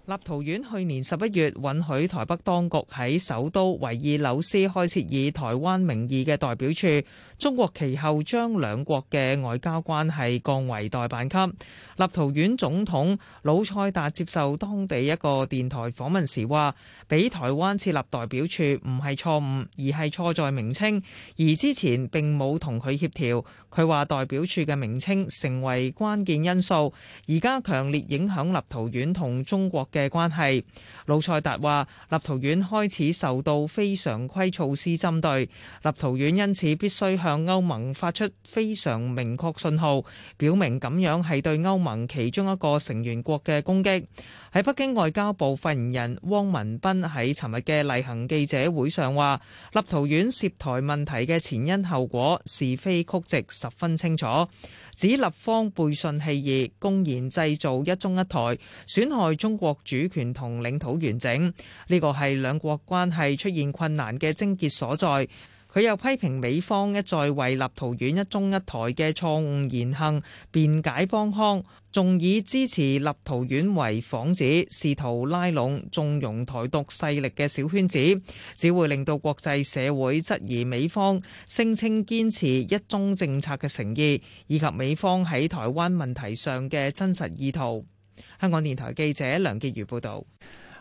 立陶宛去年十一月允許台北當局喺首都維爾紐斯開設以台灣名義嘅代表處。中國其後將兩國嘅外交關係降為代辦級。立陶宛總統魯塞達接受當地一個電台訪問時話，俾台灣設立代表處唔係錯誤，而係錯在名稱，而之前並冇同佢協調，佢話代表處嘅名稱成為關鍵因素，而家強烈影響立陶宛同中國嘅關係，魯塞達話立陶宛開始受到非常規措施針對，立陶宛因此必須向向歐盟發出非常明確信號，表明咁樣係對歐盟其中一個成員國嘅攻擊。喺北京外交部發言人汪文斌喺尋日嘅例行記者會上話，立陶宛涉台問題嘅前因後果是非曲直十分清楚，指立方背信棄義、公然製造一中一台，損害中國主權同領土完整，呢個係兩國關係出現困難嘅症結所在。佢又批評美方一再為立陶宛一中一台嘅錯誤言行辯解幫腔，仲以支持立陶宛為幌子，試圖拉攏縱容台獨勢力嘅小圈子，只會令到國際社會質疑美方聲稱堅持一中政策嘅誠意，以及美方喺台灣問題上嘅真實意圖。香港電台記者梁潔如報導。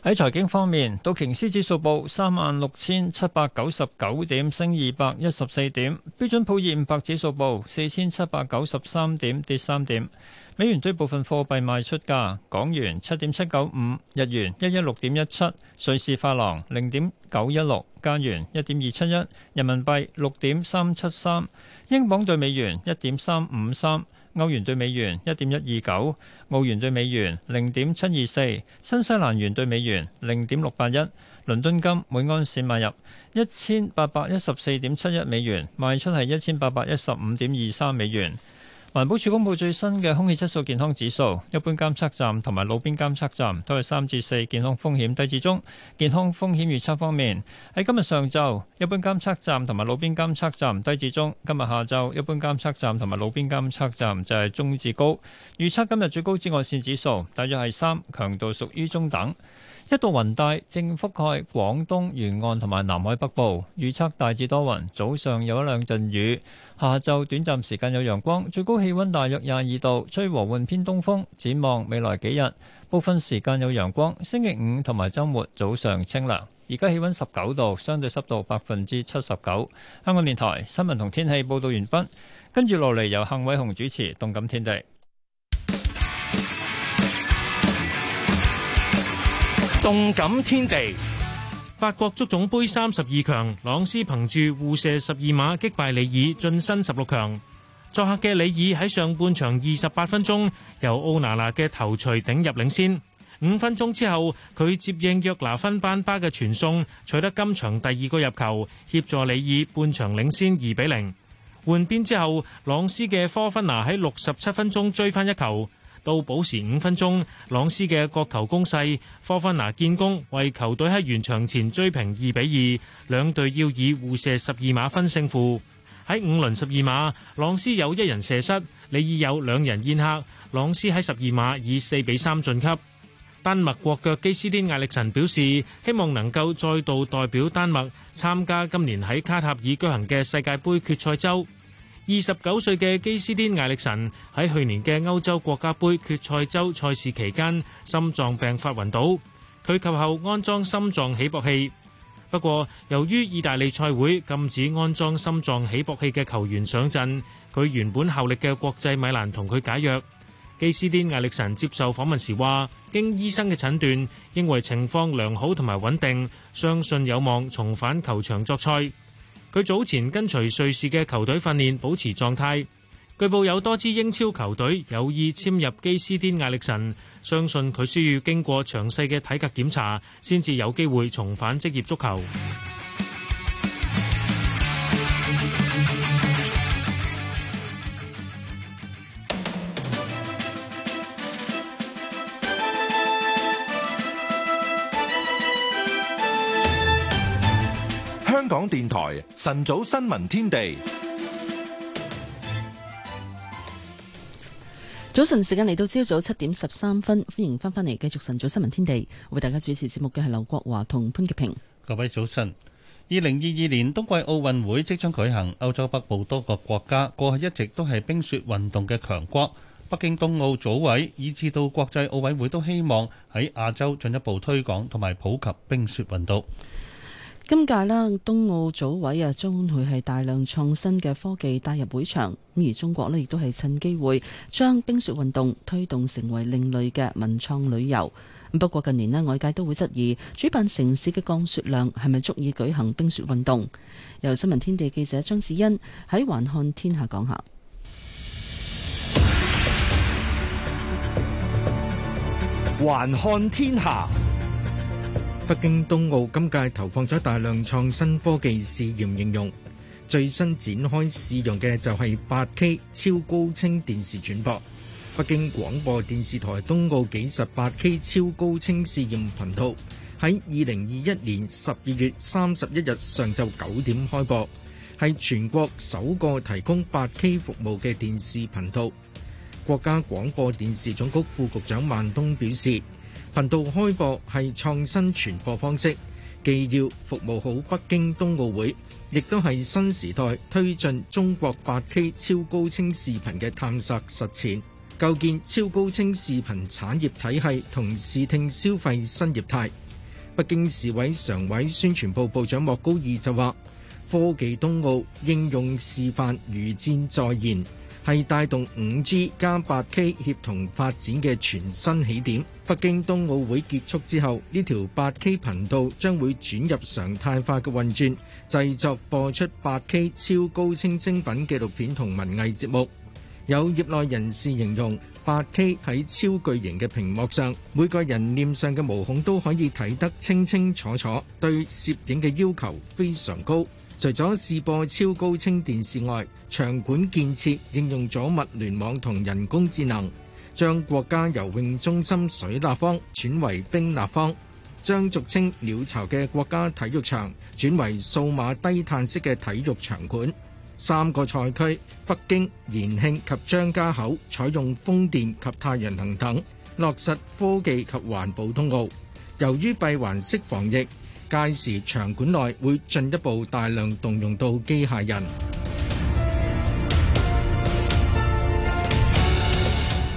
喺財經方面，道瓊斯指數報三萬六千七百九十九點，升二百一十四點；標準普爾五百指數報四千七百九十三點，跌三點。美元對部分貨幣賣出價：港元七點七九五，日元一一六點一七，瑞士法郎零點九一六，加元一點二七一，人民幣六點三七三，英鎊對美元一點三五三。歐元對美元一點一二九，澳元對美元零點七二四，新西蘭元對美元零點六八一。倫敦金每盎司買入一千八百一十四點七一美元，賣出係一千八百一十五點二三美元。環保署公布最新嘅空氣質素健康指數，一般監測站同埋路邊監測站都係三至四，健康風險低至中。健康風險預測方面，喺今日上晝，一般監測站同埋路邊監測站低至中；今日下晝，一般監測站同埋路邊監測站就係中至高。預測今日最高紫外線指數大約係三，強度屬於中等。一道雲帶正覆蓋廣東沿岸同埋南海北部，預測大致多雲，早上有一兩陣雨，下晝短暫時間有陽光，最高氣温大約廿二度，吹和緩偏東風。展望未來幾日，部分時間有陽光，星期五同埋週末早上清涼。而家氣温十九度，相對濕度百分之七十九。香港電台新聞同天氣報導完畢，跟住落嚟由幸偉雄主持《動感天地》。動感天地，法國足總盃三十二強，朗斯憑住互射十二碼擊敗里爾，晉身十六強。作客嘅里爾喺上半場二十八分鐘由奧拿拿嘅頭槌頂入領先，五分鐘之後佢接應約拿芬班巴嘅傳送取得今場第二個入球，協助里爾半場領先二比零。換邊之後，朗斯嘅科芬拿喺六十七分鐘追翻一球。到補時五分鐘，朗斯嘅角球攻勢，科芬拿建功，為球隊喺完場前追平二比二。兩隊要以互射十二碼分勝負。喺五輪十二碼，朗斯有一人射失，里爾有兩人宴客。朗斯喺十二碼以四比三晉級。丹麥國腳基斯丁艾力臣表示，希望能夠再度代表丹麥參加今年喺卡塔爾舉行嘅世界盃決賽周。二十九歲嘅基斯甸艾力神喺去年嘅歐洲國家盃決賽周賽事期間心臟病發暈倒，佢及後安裝心臟起搏器。不過由於意大利賽會禁止安裝心臟起搏器嘅球員上陣，佢原本效力嘅國際米蘭同佢解約。基斯甸艾力神接受訪問時話，經醫生嘅診斷，認為情況良好同埋穩定，相信有望重返球場作賽。佢早前跟隨瑞士嘅球隊訓練，保持狀態。據報有多支英超球隊有意簽入基斯丁·艾歷臣，相信佢需要經過詳細嘅體格檢查，先至有機會重返職業足球。電台晨早新聞天地，早晨時間嚟到朝早七點十三分，歡迎翻返嚟繼續晨早新聞天地，為大家主持節目嘅係劉國華同潘潔平。各位早晨！二零二二年冬季奧運會即將舉行，歐洲北部多個國家過去一直都係冰雪運動嘅強國，北京冬奧組委以至到國際奧委會都希望喺亞洲進一步推廣同埋普及冰雪運動。今屆啦，冬奧組委會啊，將會係大量創新嘅科技帶入會場，咁而中國咧亦都係趁機會將冰雪運動推動成為另類嘅文創旅遊。不過近年咧，外界都會質疑主辦城市嘅降雪量係咪足以舉行冰雪運動。由新聞天地記者張子欣喺《環看天下》講下，《環看天下》。北京冬奧今屆投放咗大量創新科技試驗應用，最新展開試用嘅就係八 K 超高清電視轉播。北京廣播電視台冬奧紀實八 K 超高清試驗頻道喺二零二一年十二月三十一日上晝九點開播，係全國首個提供八 K 服務嘅電視頻道。國家廣播電視總局副局長萬東表示。頻道開播係創新傳播方式，既要服務好北京冬奧會，亦都係新時代推進中國 8K 超高清視頻嘅探索實踐，構建超高清視頻產業體系同視聽消費新業態。北京市委常委宣傳部部長莫高義就話：科技冬奧應用示範如箭在弦。係帶動 5G 加 8K 協同發展嘅全新起點。北京冬奧會結束之後，呢條 8K 頻道將會轉入常態化嘅運轉，製作播出 8K 超高清精品紀錄片同文藝節目。有業內人士形容 ,8K 喺超巨型嘅屏幕上，每個人臉上嘅毛孔都可以睇得清清楚楚，對攝影嘅要求非常高。除咗試播超高清電視外，場館建設應用咗物聯網同人工智能，將國家游泳中心水立方轉為冰立方，將俗稱鳥巢嘅國家體育場轉為數碼低碳式嘅體育場館。三個賽區北京、延慶及張家口採用風電及太陽能等，落實科技及環保冬奧。由於閉環式防疫。屆時，場館內會進一步大量動用到機械人。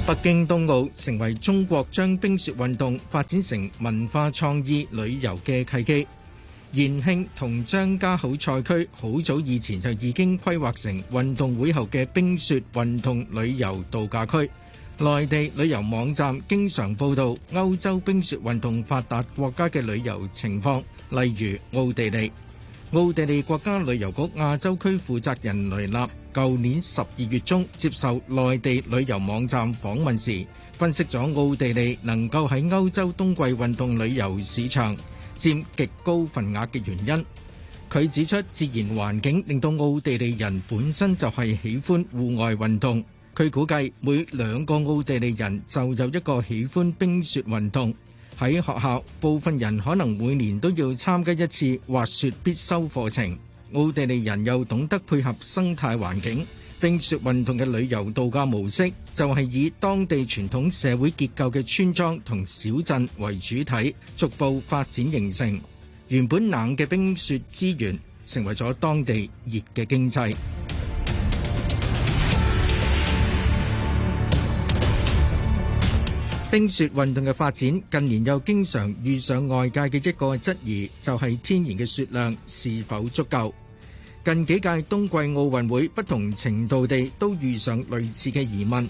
北京冬奧成為中國將冰雪運動發展成文化創意旅遊嘅契機。延慶同張家口賽區好早以前就已經規劃成運動會後嘅冰雪運動旅遊度假區。內地旅遊網站經常報道歐洲冰雪運動發達國家嘅旅遊情況。例如奧地利，奧地利國家旅遊局亞洲區負責人雷納，舊年十二月中接受內地旅遊網站訪問時，分析咗奧地利能夠喺歐洲冬季運動旅遊市場佔極高份額嘅原因。佢指出，自然環境令到奧地利人本身就係喜歡戶外運動。佢估計每兩個奧地利人就有一個喜歡冰雪運動。喺學校，部分人可能每年都要參加一次滑雪必修課程。奧地利人又懂得配合生態環境，冰雪運動嘅旅遊度假模式就係以當地傳統社會結構嘅村莊同小鎮為主體，逐步發展形成。原本冷嘅冰雪資源成為咗當地熱嘅經濟。冰雪運動嘅發展近年又經常遇上外界嘅一個質疑，就係天然嘅雪量是否足夠。近幾屆冬季奧運會不同程度地都遇上類似嘅疑問。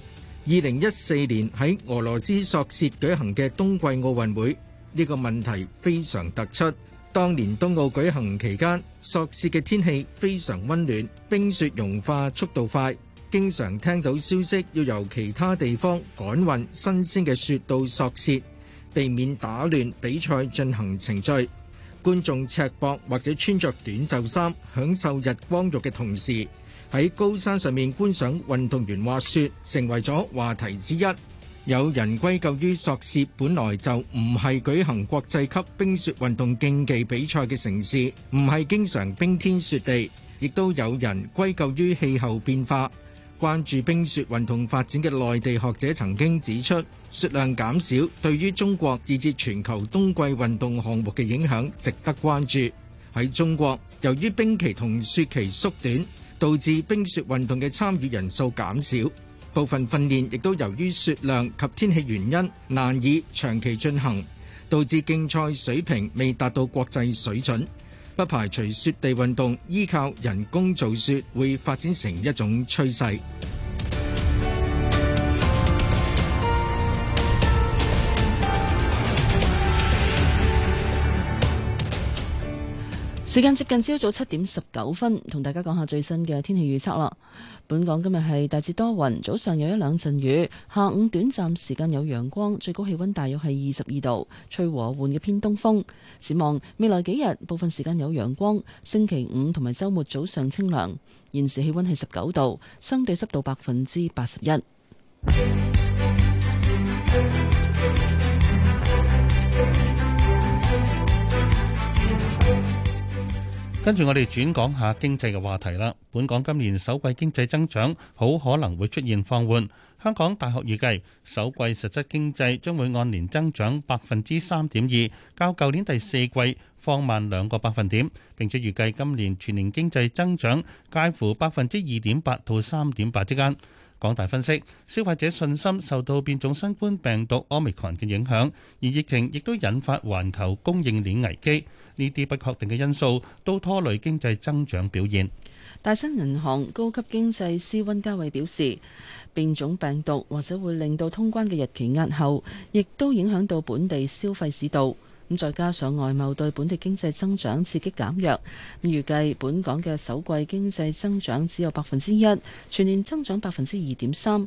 二零一四年喺俄羅斯索契舉行嘅冬季奧運會，呢個問題非常突出。當年冬奧舉行期間，索契嘅天氣非常温暖，冰雪融化速度快。經常聽到消息，要由其他地方趕運新鮮嘅雪到索契，避免打亂比賽進行程序。觀眾赤膊或者穿着短袖衫享受日光浴嘅同時，喺高山上面觀賞運動員滑雪，成為咗話題之一。有人歸咎於索契本來就唔係舉行國際級冰雪運動競技比賽嘅城市，唔係經常冰天雪地，亦都有人歸咎於氣候變化。關注冰雪運動發展嘅內地學者曾經指出，雪量減少對於中國以至全球冬季運動項目嘅影響值得關注。喺中國，由於冰期同雪期縮短，導致冰雪運動嘅參與人數減少，部分訓練亦都由於雪量及天氣原因難以長期進行，導致競賽水平未達到國際水準。不排除雪地運動依靠人工造雪會發展成一種趨勢。時間接近朝早七點十九分，同大家講下最新嘅天氣預測啦。本港今日係大致多雲，早上有一兩陣雨，下午短暫時間有陽光，最高氣溫大約係二十二度，吹和緩嘅偏東風。展望未來幾日，部分時間有陽光，星期五同埋周末早上清涼。現時氣溫係十九度，相對濕度百分之八十一。跟住我哋轉講下經濟嘅話題啦。本港今年首季經濟增長好可能會出現放緩。香港大學預計首季實質經濟將會按年增長百分之三點二，較舊年第四季放慢兩個百分點。並且預計今年全年經濟增長介乎百分之二點八到三點八之間。廣大分析，消費者信心受到變種新冠病毒 Omicron 嘅影響，而疫情亦都引發環球供應鏈危機，呢啲不確定嘅因素都拖累經濟增長表現。大新銀行高級經濟師温嘉慧表示，變種病毒或者會令到通關嘅日期押後，亦都影響到本地消費市道。咁再加上外貿對本地經濟增長刺激減弱，咁預計本港嘅首季經濟增長只有百分之一，全年增長百分之二點三。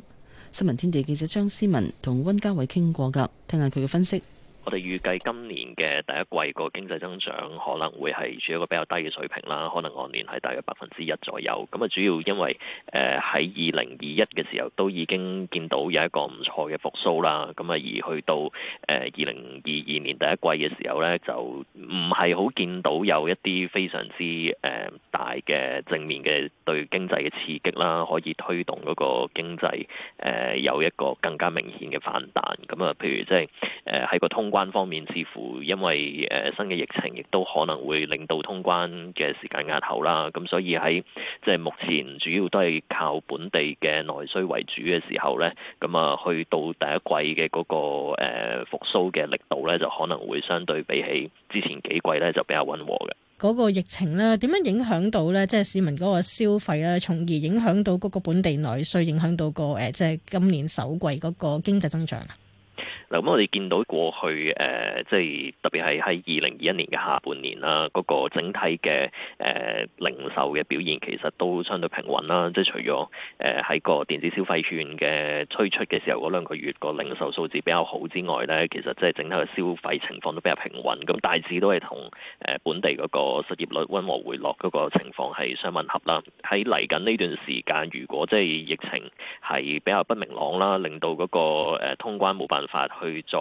新聞天地記者張思文同温家偉傾過㗎，聽下佢嘅分析。我哋預計今年嘅第一季個經濟增長可能會係處一個比較低嘅水平啦，可能按年係大約百分之一左右。咁啊，主要因為誒喺二零二一嘅時候都已經見到有一個唔錯嘅復甦啦。咁啊，而去到誒二零二二年第一季嘅時候呢，就唔係好見到有一啲非常之誒大嘅正面嘅對經濟嘅刺激啦，可以推動嗰個經濟誒有一個更加明顯嘅反彈。咁啊，譬如即係誒喺個通單方面似乎因為誒、呃、新嘅疫情，亦都可能會令到通關嘅時間壓後啦。咁、啊、所以喺即係目前主要都係靠本地嘅內需為主嘅時候咧，咁啊去到第一季嘅嗰、那個誒、呃、復甦嘅力度咧，就可能會相對比起之前幾季咧就比較溫和嘅。嗰個疫情咧點樣影響到咧？即係市民嗰個消費咧，從而影響到嗰個本地內需，影響到個誒、呃、即係今年首季嗰個經濟增長啊？嗱，咁我哋見到過去誒、呃，即係特別係喺二零二一年嘅下半年啦，嗰、那個整體嘅誒、呃、零售嘅表現其實都相對平穩啦。即係除咗誒喺個電子消費券嘅推出嘅時候嗰兩個月個零售數字比較好之外咧，其實即係整體嘅消費情況都比較平穩。咁大致都係同誒本地嗰個失業率溫和回落嗰個情況係相吻合啦。喺嚟緊呢段時間，如果即係疫情係比較不明朗啦，令到嗰個誒通關冇辦法。去再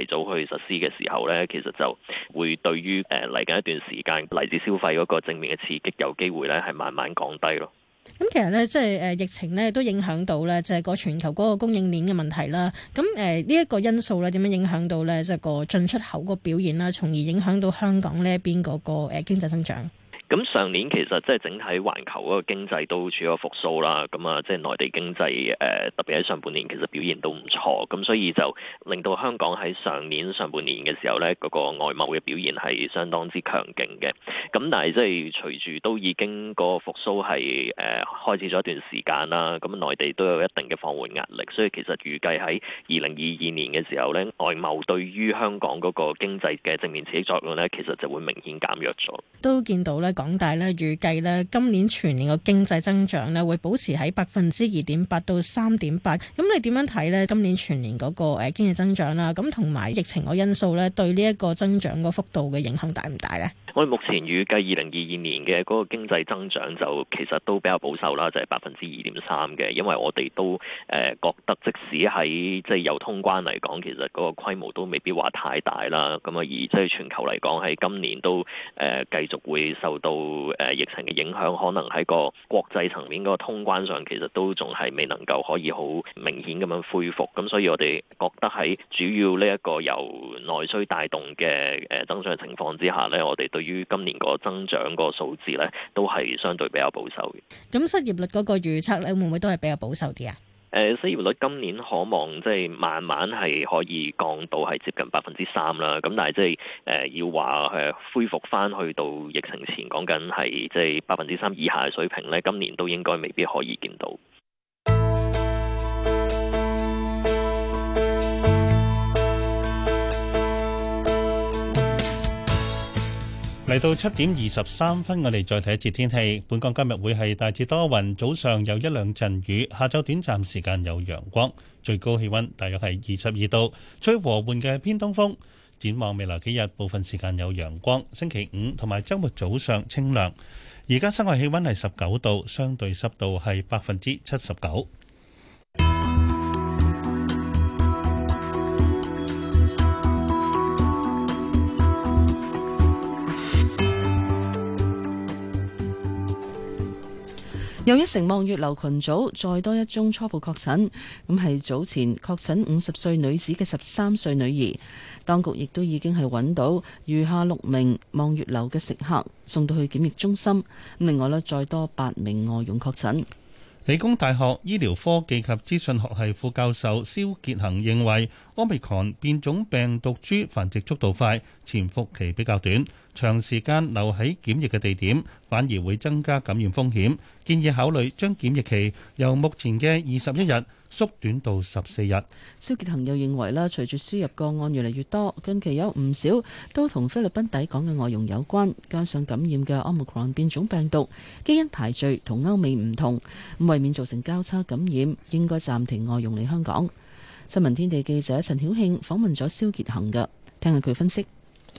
提早去實施嘅時候咧，其實就會對於誒嚟緊一段時間嚟自消費嗰個正面嘅刺激，有機會咧係慢慢降低咯。咁、嗯、其實咧，即係誒疫情咧都影響到咧，就係、是、個全球嗰個供應鏈嘅問題啦。咁誒呢一個因素咧點樣影響到咧，即、就、係、是、個進出口個表現啦，從而影響到香港呢一邊嗰個誒、呃、經濟增長。咁上年其實即係整體環球嗰個經濟都處個復甦啦，咁啊即係內地經濟誒、呃，特別喺上半年其實表現都唔錯，咁所以就令到香港喺上年上半年嘅時候呢，嗰、那個外貿嘅表現係相當之強勁嘅。咁但係即係隨住都已經個復甦係誒、呃、開始咗一段時間啦，咁內地都有一定嘅放緩壓力，所以其實預計喺二零二二年嘅時候呢，外貿對於香港嗰個經濟嘅正面刺激作用呢，其實就會明顯減弱咗。都見到咧。港大咧預計咧今年全年嘅經濟增長咧會保持喺百分之二點八到三點八。咁你點樣睇咧今年全年嗰個誒經濟增長啦？咁同埋疫情個因素咧對呢一個增長個幅度嘅影響大唔大咧？我哋目前預計二零二二年嘅嗰個經濟增長就其實都比較保守啦，就係百分之二點三嘅。因為我哋都誒覺得即使喺即係有通關嚟講，其實嗰個規模都未必話太大啦。咁啊而即係全球嚟講，喺今年都誒、呃、繼續會受到受誒疫情嘅影響，可能喺個國際層面個通關上，其實都仲係未能夠可以好明顯咁樣恢復。咁所以我哋覺得喺主要呢一個由內需帶動嘅誒增長嘅情況之下咧，我哋對於今年個增長個數字咧，都係相對比較保守嘅。咁失業率嗰個預測，你會唔會都係比較保守啲啊？誒、呃、失業率今年可望即係慢慢係可以降到係接近百分之三啦，咁但係即係誒要話誒恢復翻去到疫情前講緊係即係百分之三以下嘅水平咧，今年都應該未必可以見到。嚟到七點二十三分，我哋再睇一次天氣。本港今日會係大致多雲，早上有一兩陣雨，下晝短暫時間有陽光，最高氣溫大約係二十二度，吹和緩嘅偏東風。展望未來幾日，部分時間有陽光，星期五同埋週末早上清涼。而家室外氣溫係十九度，相對濕度係百分之七十九。又一城望月樓群組再多一宗初步確診，咁係早前確診五十歲女子嘅十三歲女兒，當局亦都已經係揾到餘下六名望月樓嘅食客送到去檢疫中心。咁另外咧，再多八名外傭確診。理工大學醫療科技及資訊學系副教授蕭傑恒認為。奧密克戎變種病毒株繁殖速度快，潛伏期比較短，長時間留喺檢疫嘅地點反而會增加感染風險。建議考慮將檢疫期由目前嘅二十一日縮短到十四日。蕭傑恒又認為啦，隨住輸入個案越嚟越多，近期有唔少都同菲律賓抵港嘅外傭有關，加上感染嘅奧密克戎變種病毒基因排序同歐美唔同，為免造成交叉感染，應該暫停外傭嚟香港。新聞天地記者陳曉慶訪問咗蕭傑恒噶，聽下佢分析。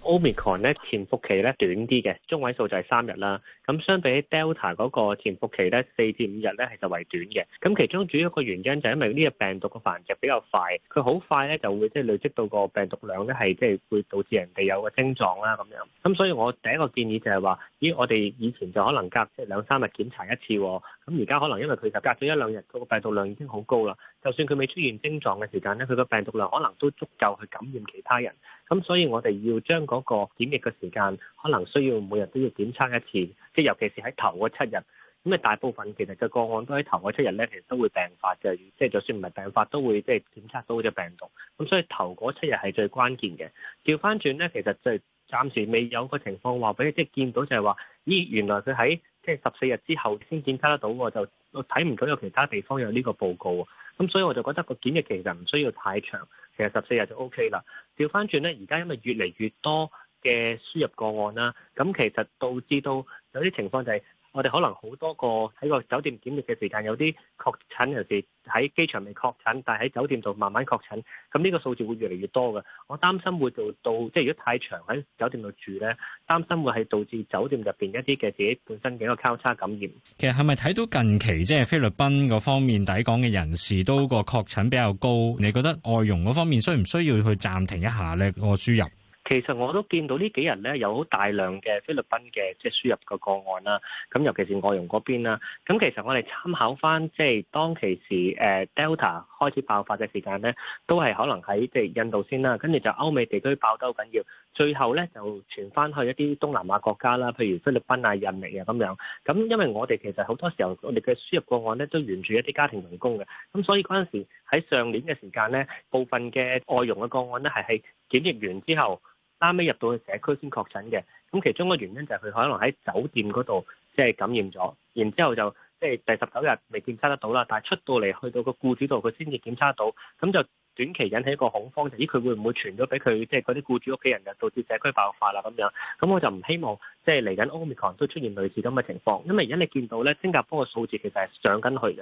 Omicron 咧潛伏期咧短啲嘅，中位數就係三日啦。咁相比 Delta 嗰個潛伏期咧四至五日咧係就為短嘅。咁其中主要一個原因就係因為呢個病毒嘅繁殖比較快，佢好快咧就會即係累積到個病毒量咧係即係會導致人哋有個症狀啦咁樣。咁所以我第一個建議就係話：咦，我哋以前就可能隔即係兩三日檢查一次，咁而家可能因為佢就隔咗一兩日，個病毒量已經好高啦。就算佢未出現症狀嘅時間咧，佢個病毒量可能都足夠去感染其他人。咁、嗯、所以，我哋要將嗰個檢疫嘅時間，可能需要每日都要檢測一次，即係尤其是喺頭嗰七日。咁啊，大部分其實個個案都喺頭嗰七日咧，其實都會病發嘅，即係就算唔係病發，都會即係檢測到隻病毒。咁、嗯、所以頭嗰七日係最關鍵嘅。調翻轉咧，其實就係暫時未有個情況話俾你，即係見到就係話，咦，原來佢喺，即係十四日之後先檢測得到喎，我就我睇唔到有其他地方有呢個報告喎，咁所以我就覺得個檢疫其實唔需要太長，其實十四日就 OK 啦。調翻轉咧，而家因為越嚟越多嘅輸入個案啦，咁其實導致到有啲情況就係、是。我哋可能好多個喺個酒店檢疫嘅時間有，有啲確診有時喺機場未確診，但係喺酒店度慢慢確診，咁呢個數字會越嚟越多嘅。我擔心會做到，即係如果太長喺酒店度住咧，擔心會係導致酒店入邊一啲嘅自己本身嘅一個交叉感染。其實係咪睇到近期即係菲律賓嗰方面抵港嘅人士都個確診比較高？你覺得外傭嗰方面需唔需要去暫停一下咧、嗰個輸入？其實我都見到呢幾日咧有好大量嘅菲律賓嘅即係輸入個個案啦，咁尤其是外傭嗰邊啦。咁其實我哋參考翻即係當其時誒 Delta 開始爆發嘅時間咧，都係可能喺即係印度先啦，跟住就歐美地區爆得好緊要，最後咧就傳翻去一啲東南亞國家啦，譬如菲律賓啊、印尼啊咁樣。咁因為我哋其實好多時候我哋嘅輸入個案咧都沿住一啲家庭傭工嘅，咁所以嗰陣時喺上年嘅時間咧，部分嘅外傭嘅個案咧係係檢疫完之後。啱啱入到去社區先確診嘅，咁其中個原因就係佢可能喺酒店嗰度即係感染咗，然之後就即係第十九日未檢測得到啦，但係出到嚟去到個僱主度佢先至檢測到，咁就。短期引起一個恐慌，就咦，佢會唔會傳咗俾佢即係嗰啲僱主屋企人啊，導致社區爆發啦咁樣？咁我就唔希望即係嚟緊 Omicron 都出現類似咁嘅情況。因為而家你見到咧，新加坡嘅數字其實係上緊去嘅，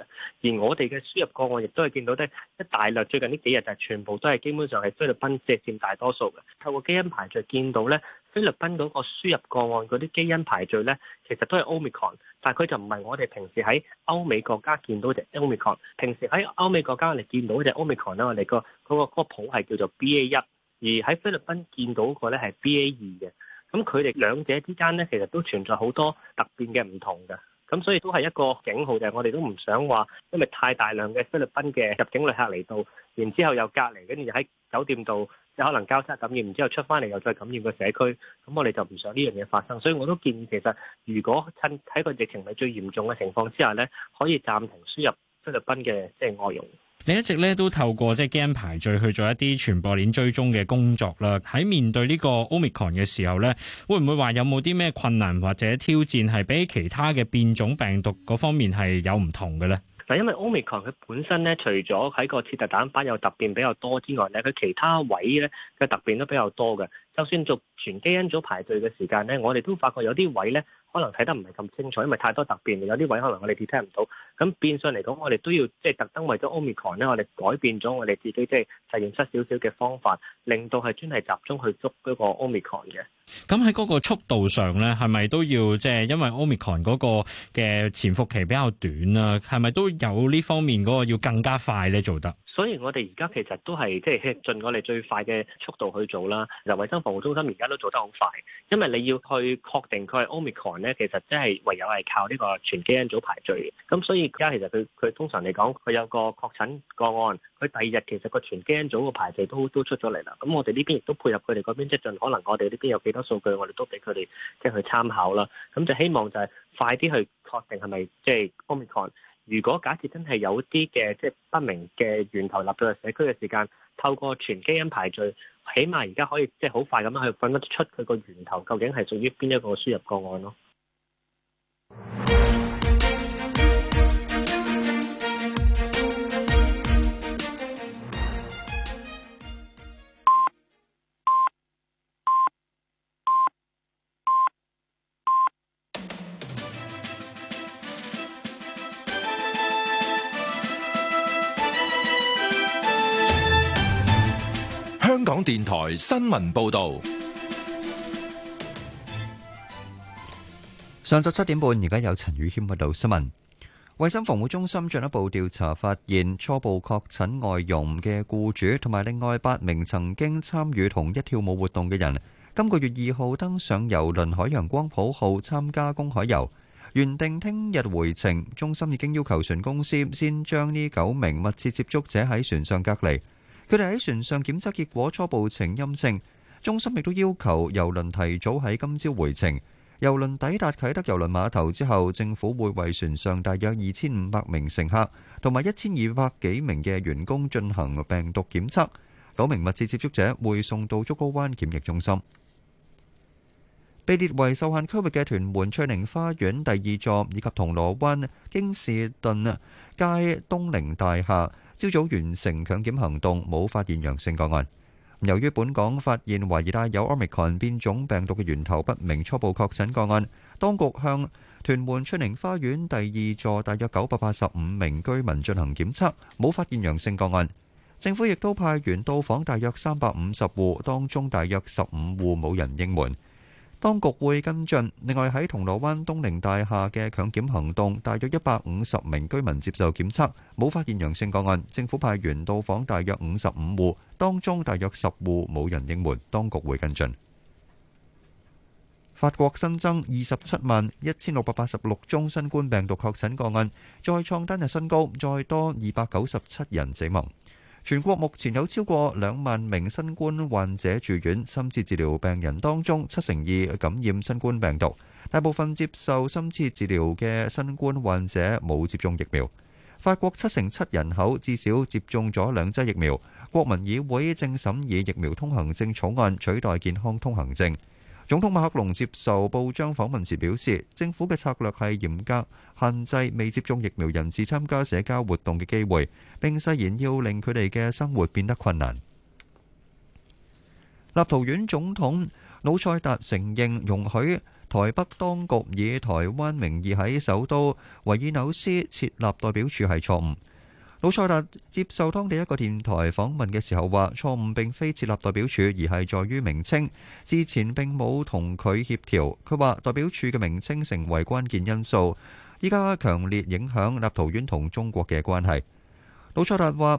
而我哋嘅輸入個案亦都係見到咧一大量。最近呢幾日就全部都係基本上係菲律賓即係佔大多數嘅。透過基因排序見到咧，菲律賓嗰個輸入個案嗰啲基因排序咧，其實都係 Omicron，但係佢就唔係我哋平時喺歐美國家見到嘅 Omicron。平時喺歐美國家你見到嘅 Omicron 咧，我哋個嗰個嗰個譜係叫做 B A 一，而喺菲律賓見到個咧係 B A 二嘅，咁佢哋兩者之間咧其實都存在好多突變嘅唔同嘅，咁所以都係一個警號，就係、是、我哋都唔想話因為太大量嘅菲律賓嘅入境旅客嚟到，然之後又隔離，跟住又喺酒店度有可能交叉感染，然之後出翻嚟又再感染個社區，咁我哋就唔想呢樣嘢發生，所以我都建議其實如果趁喺個疫情係最嚴重嘅情況之下咧，可以暫停輸入菲律賓嘅即係外傭。你一直咧都透過即係基因排序去做一啲傳播鏈追蹤嘅工作啦。喺面對呢個 Omicron 嘅時候咧，會唔會話有冇啲咩困難或者挑戰係比其他嘅變種病毒嗰方面係有唔同嘅咧？嗱，因為 Omicron 佢本身咧，除咗喺個刺突蛋白有突變比較多之外咧，佢其他位咧嘅突變都比較多嘅。就算做全基因組排序嘅時間咧，我哋都發覺有啲位咧。可能睇得唔係咁清楚，因為太多突變，有啲位可能我哋 detect 唔到。咁變相嚟講，我哋都要即係特登為咗 Omicron 咧，我哋改變咗我哋自己即係實驗室少少嘅方法，令到係專係集中去捉嗰個 Omicron 嘅。咁喺嗰個速度上咧，係咪都要即係因為 Omicron 嗰個嘅潛伏期比較短啊？係咪都有呢方面嗰個要更加快咧做得？所以我哋而家其實都係即係盡我哋最快嘅速度去做啦。就衞生防護中心而家都做得好快，因為你要去確定佢係 Omicron 咧，其實即係唯有係靠呢個全基因組排序嘅。咁所以而家其實佢佢通常嚟講，佢有個確診個案，佢第二日其實個全基因組個排序都都出咗嚟啦。咁我哋呢邊亦都配合佢哋嗰邊，即係盡可能我哋呢邊有幾多數據，我哋都俾佢哋即係去參考啦。咁就希望就係快啲去確定係咪即係 Omicron。如果假設真係有啲嘅即係不明嘅源頭立到嚟社區嘅時間，透過全基因排序，起碼而家可以即係好快咁樣去分得出佢個源頭究竟係屬於邊一個輸入個案咯。香港電台新聞報道。上晝七點半，而家有陳宇謙報道新聞。衛生防護中心進一步調查發現，初步確診外傭嘅僱主同埋另外八名曾經參與同一跳舞活動嘅人，今個月二號登上郵輪海洋光譜號參加公海遊，原定聽日回程。中心已經要求船公司先將呢九名密切接觸者喺船上隔離。佢哋喺船上檢測結果初步呈陰性，中心亦都要求郵輪提早喺今朝回程。郵輪抵達啟德郵輪碼頭之後，政府會為船上大約二千五百名乘客同埋一千二百幾名嘅員工進行病毒檢測，九名密切接觸者會送到竹篙灣檢疫中心。被列為受限區域嘅屯門翠寧花園第二座以及銅鑼灣京士頓街東寧大廈，朝早完成強檢行動，冇發現陽性個案。由於本港發現懷疑帶有 Omicron 變種病毒嘅源頭不明初步確診個案，當局向屯門翠寧花園第二座大約九百八十五名居民進行檢測，冇發現陽性個案。政府亦都派員到訪大約三百五十戶，當中大約十五戶冇人應門。當局會跟進。另外喺銅鑼灣東寧大廈嘅強檢行動，大約一百五十名居民接受檢測，冇發現陽性個案。政府派員到訪大約五十五戶，當中大約十戶冇人應門。當局會跟進。法國新增二十七萬一千六百八十六宗新冠病毒確診個案，再創單日新高，再多二百九十七人死亡。全國目前有超過兩萬名新冠患者住院，深切治療病人當中，七成二感染新冠病毒。大部分接受深切治療嘅新冠患者冇接種疫苗。法國七成七人口至少接種咗兩劑疫苗。國民議會正審議疫苗通行證草案，取代健康通行證。總統馬克龍接受報章訪問時表示，政府嘅策略係嚴格限制未接種疫苗人士參加社交活動嘅機會，並誓言要令佢哋嘅生活變得困難。立陶宛總統魯塞達承認，容許台北當局以台灣名義喺首都維爾紐斯設立代表處係錯誤。老塞特接受當地一個電台訪問嘅時候話錯誤並非設立代表處，而係在於名稱。之前並冇同佢協調，佢話代表處嘅名稱成為關鍵因素，依家強烈影響立陶宛同中國嘅關係。老塞特話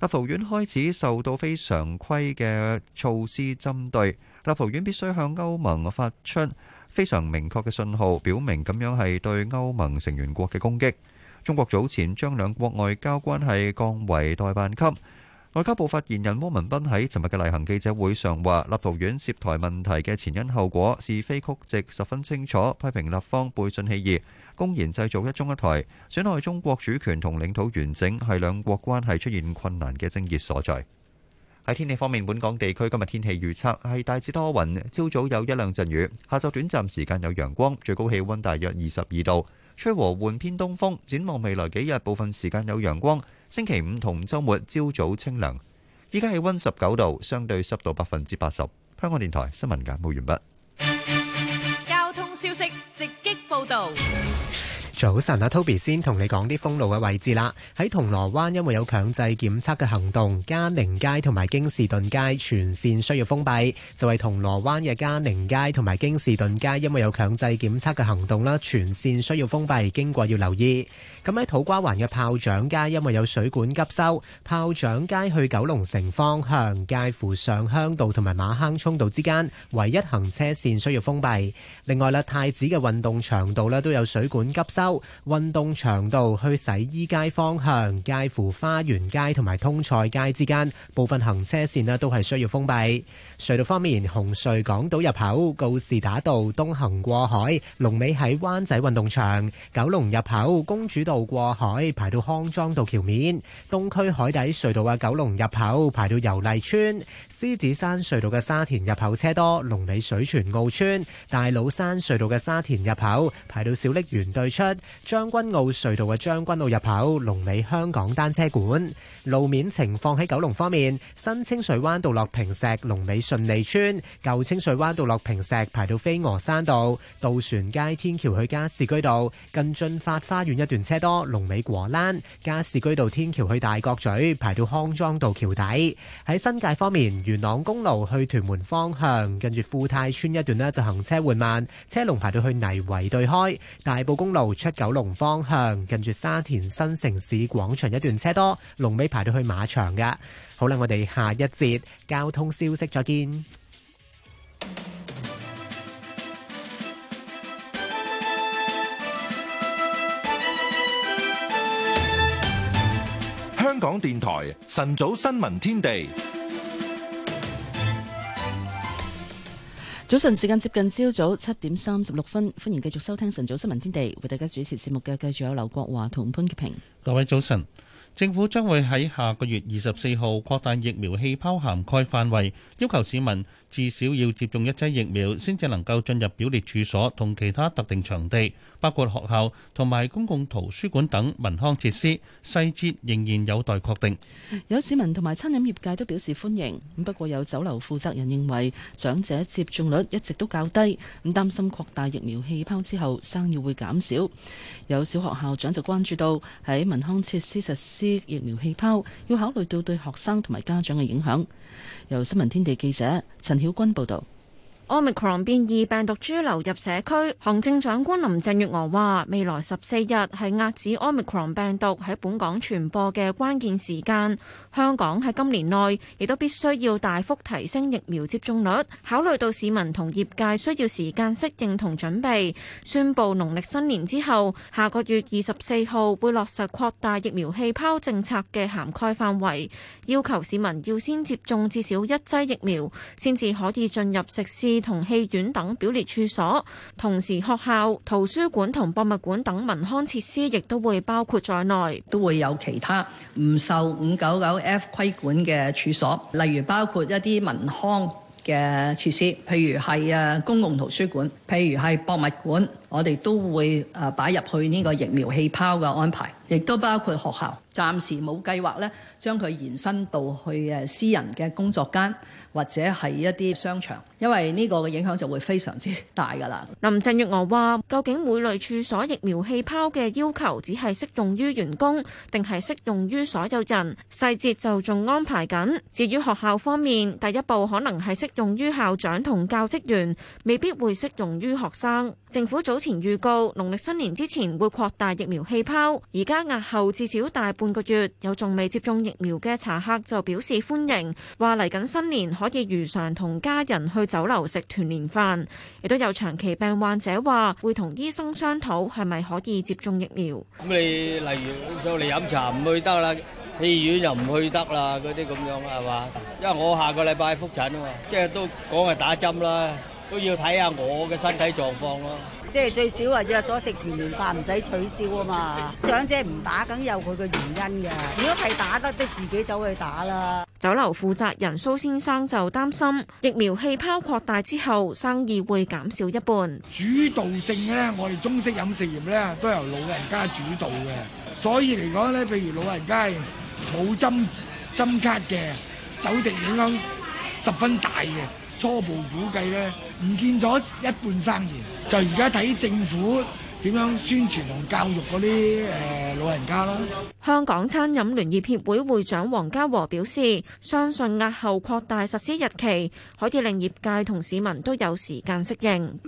立陶宛開始受到非常規嘅措施針對，立陶宛必須向歐盟發出非常明確嘅信號表明咁樣，係對歐盟成員國嘅攻擊。中國早前將兩國外交關係降為代辦級。外交部發言人汪文斌喺尋日嘅例行記者會上話，立陶宛涉台問題嘅前因後果是非曲直十分清楚，批評立方背信棄義，公然製造一中一台，損害中國主權同領土完整，係兩國關係出現困難嘅症結所在。喺天氣方面，本港地區今日天氣預測係大致多雲，朝早有一兩陣雨，下晝短暫時間有陽光，最高氣溫大約二十二度。吹和緩偏東風，展望未來幾日部分時間有陽光。星期五同週末朝早清涼。依家氣温十九度，相對濕度百分之八十。香港電台新聞簡報完畢。交通消息直擊報導。早晨，阿 Toby 先同你講啲封路嘅位置啦。喺銅鑼灣，因為有強制檢測嘅行動，嘉寧街同埋京士頓街全線需要封閉。就係銅鑼灣嘅嘉寧街同埋京士頓街，因為有強制檢測嘅行動啦，全線需要封閉，經過要留意。咁喺土瓜灣嘅炮仗街，因為有水管急修，炮仗街去九龍城方向，介乎上鄉道同埋馬坑涌道之間，唯一行車線需要封閉。另外啦，太子嘅運動場道咧都有水管急修。運動場道去洗衣街方向，介乎花園街同埋通菜街之間，部分行車線咧都係需要封閉。隧道方面，紅隧港島入口告士打道東行過海，龍尾喺灣仔運動場；九龍入口公主道過海，排到康莊道橋面；東區海底隧道嘅九龍入口排到油麗村；獅子山隧道嘅沙田入口車多，龍尾水泉澳村；大老山隧道嘅沙田入口排到小瀝源對出。將軍澳隧道嘅將軍澳入口，龍尾香港單車館。路面情況，喺九龍方面，新清水灣道落坪石，龍尾順利村；舊清水灣道落坪石，排到飛鵝山道；渡船街天橋去加士居道，近駿發花園一段車多，龍尾果欄；加士居道天橋去大角咀，排到康莊道橋底。喺新界方面，元朗公路去屯門方向，跟住富泰村一段呢，就行車緩慢，車龍排到去泥圍對開；大埔公路。出九龍方向，近住沙田新城市廣場一段車多，龍尾排到去馬場㗎。好啦，我哋下一節交通消息再見。香港電台晨早新聞天地。早晨，時間接近朝早七點三十六分，歡迎繼續收聽晨早新聞天地，為大家主持節目嘅繼續有劉國華同潘潔平。各位早晨，政府將會喺下個月二十四號擴大疫苗氣泡涵蓋範圍，要求市民至少要接種一劑疫苗，先至能夠進入表列處所同其他特定場地。包括學校同埋公共圖書館等文康設施，細節仍然有待確定。有市民同埋餐飲業界都表示歡迎。不過有酒樓負責人認為長者接種率一直都較低，咁擔心擴大疫苗氣泡之後生意會減少。有小學校長就關注到喺文康設施實施疫苗氣泡，要考慮到對學生同埋家長嘅影響。由新聞天地記者陳曉君報導。Omicron 變異病毒株流入社區，行政長官林鄭月娥話：未來十四日係遏止 Omicron 病毒喺本港傳播嘅關鍵時間。香港喺今年內亦都必須要大幅提升疫苗接種率。考慮到市民同業界需要時間適應同準備，宣布農曆新年之後，下個月二十四號會落實擴大疫苗氣泡政策嘅涵蓋範圍，要求市民要先接種至少一劑疫苗，先至可以進入食肆。同戲院等表列處所，同時學校、圖書館同博物館等文康設施亦都會包括在內，都會有其他唔受五九九 F 規管嘅處所，例如包括一啲文康嘅設施，譬如係啊公共圖書館，譬如係博物館，我哋都會誒擺入去呢個疫苗氣泡嘅安排，亦都包括學校，暫時冇計劃咧將佢延伸到去誒私人嘅工作間。或者係一啲商場，因為呢個嘅影響就會非常之大㗎啦。林鄭月娥話，究竟每類處所疫苗氣泡嘅要求，只係適用於員工，定係適用於所有人？細節就仲安排緊。至於學校方面，第一步可能係適用於校長同教職員，未必會適用於學生。政府早前預告，農曆新年之前會擴大疫苗氣泡，而家押後至少大半個月。有仲未接種疫苗嘅茶客就表示歡迎，話嚟緊新年可以如常同家人去酒樓食團年飯。亦都有長期病患者話，會同醫生商討係咪可以接種疫苗。咁你例如上嚟飲茶唔去得啦，戲院又唔去得啦，嗰啲咁樣係嘛？因為我下個禮拜復診啊嘛，即係都講係打針啦。都要睇下我嘅身體狀況咯，即係最少啊約咗食團年飯唔使取消啊嘛，長者唔打梗有佢嘅原因嘅，如果係打得都自己走去打啦。酒樓負責人蘇先生就擔心疫苗氣泡擴大之後生意會減少一半。主導性咧，我哋中式飲食業咧都由老人家主導嘅，所以嚟講咧，譬如老人家冇針針卡嘅，酒席影響十分大嘅。初步估計呢，唔見咗一半生意，就而家睇政府點樣宣傳同教育嗰啲老人家囉。香港餐飲聯業協會會長黃家和表示，相信押後擴大實施日期，可以令業界同市民都有時間適應。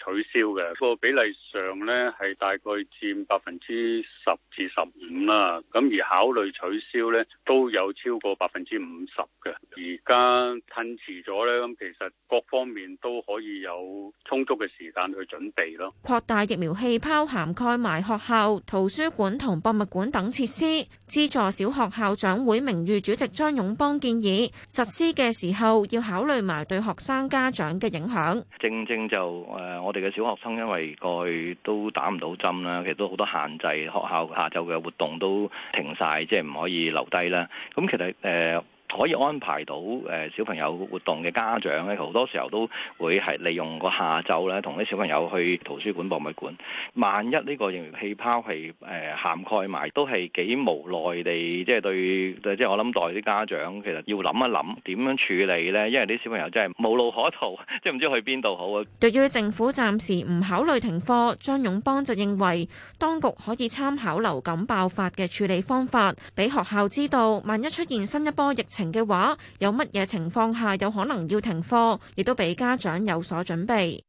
取消嘅個比例上咧，係大概佔百分之十至十五啦。咁而考慮取消咧，都有超過百分之五十嘅。而家趁遲咗咧，咁其實各方面都可以有充足嘅時間去準備咯。擴大疫苗氣泡，涵蓋埋學校、圖書館同博物館等設施。資助小學校長會名譽主席張勇邦建議，實施嘅時候要考慮埋對學生家長嘅影響。正正就誒、呃，我哋嘅小學生因為過去都打唔到針啦，其實都好多限制，學校下晝嘅活動都停晒，即係唔可以留低啦。咁其實誒。呃可以安排到誒小朋友活動嘅家長咧，好多時候都會係利用個下晝咧，同啲小朋友去圖書館、博物館。萬一呢個營業氣泡係誒、呃、涵蓋埋，都係幾無奈地，即係對，即係我諗待啲家長其實要諗一諗點樣處理咧，因為啲小朋友真係無路可逃，即係唔知去邊度好。啊，對於政府暫時唔考慮停課，張勇邦就認為當局可以參考流感爆發嘅處理方法，俾學校知道萬一出現新一波疫情，停嘅話，有乜嘢情況下有可能要停課，亦都俾家長有所準備。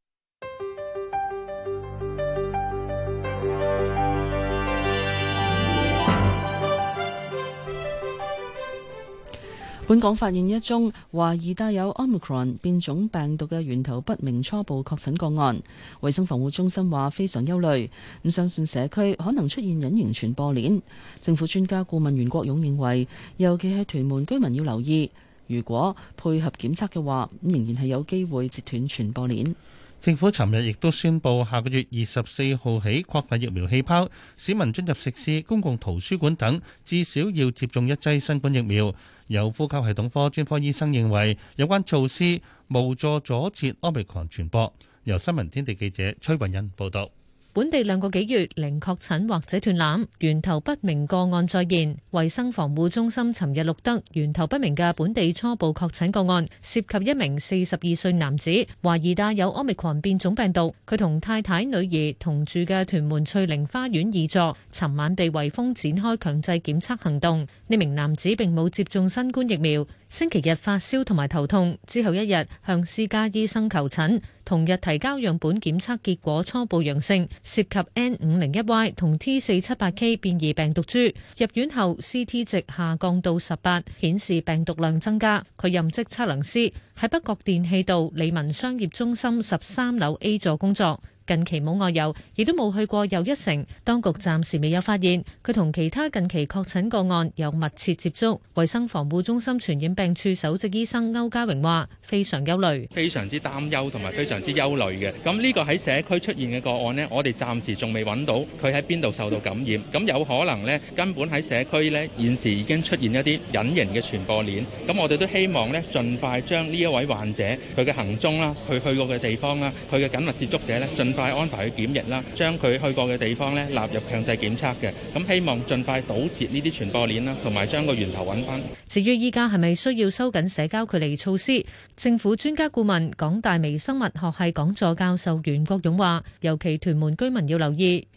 本港發現一宗懷疑帶有 Omicron 變種病毒嘅源頭不明初步確診個案，衛生防護中心話非常憂慮，咁相信社區可能出現隱形傳播鏈。政府專家顧問袁國勇認為，尤其係屯門居民要留意，如果配合檢測嘅話，仍然係有機會截斷傳播鏈。政府尋日亦都宣佈，下個月二十四號起擴大疫苗氣泡，市民進入食肆、公共圖書館等，至少要接種一劑新冠疫苗。有呼吸系統科專科醫生認為，有關措施無助阻截奧密克戎傳播。由新聞天地記者崔雲欣報導。本地兩個幾月零確診或者斷纜，源頭不明個案再現。衞生防護中心尋日錄得源頭不明嘅本地初步確診個案，涉及一名四十二歲男子，懷疑帶有奧密克戎變種病毒。佢同太太、女兒同住嘅屯門翠玲花園二座，尋晚被圍封展開強制檢測行動。呢名男子並冇接種新冠疫苗，星期日發燒同埋頭痛，之後一日向私家醫生求診。同日提交樣本檢測結果初步陽性，涉及 N 五零一 Y 同 T 四七八 K 變異病毒株。入院後 C T 值下降到十八，顯示病毒量增加。佢任職測量師，喺北角電氣道利文商業中心十三樓 A 座工作。近期冇外遊，亦都冇去過又一城，當局暫時未有發現，佢同其他近期確診個案有密切接觸。衛生防護中心傳染病處首席醫生歐嘉榮話非常憂慮，非常之擔憂同埋非常之憂慮嘅，咁呢個喺社區出現嘅個案呢，我哋暫時仲未搵到，佢喺邊度受到感染。咁有可能呢，根本喺社區呢，現時已經出現一啲隱形嘅傳播鏈，咁我哋都希望呢盡快將呢一位患者佢嘅行蹤啦，佢去去過嘅地方啦，佢嘅緊密接觸者呢快安排去檢疫啦，將佢去過嘅地方呢納入強制檢測嘅，咁希望盡快堵截呢啲傳播鏈啦，同埋將個源頭搵番。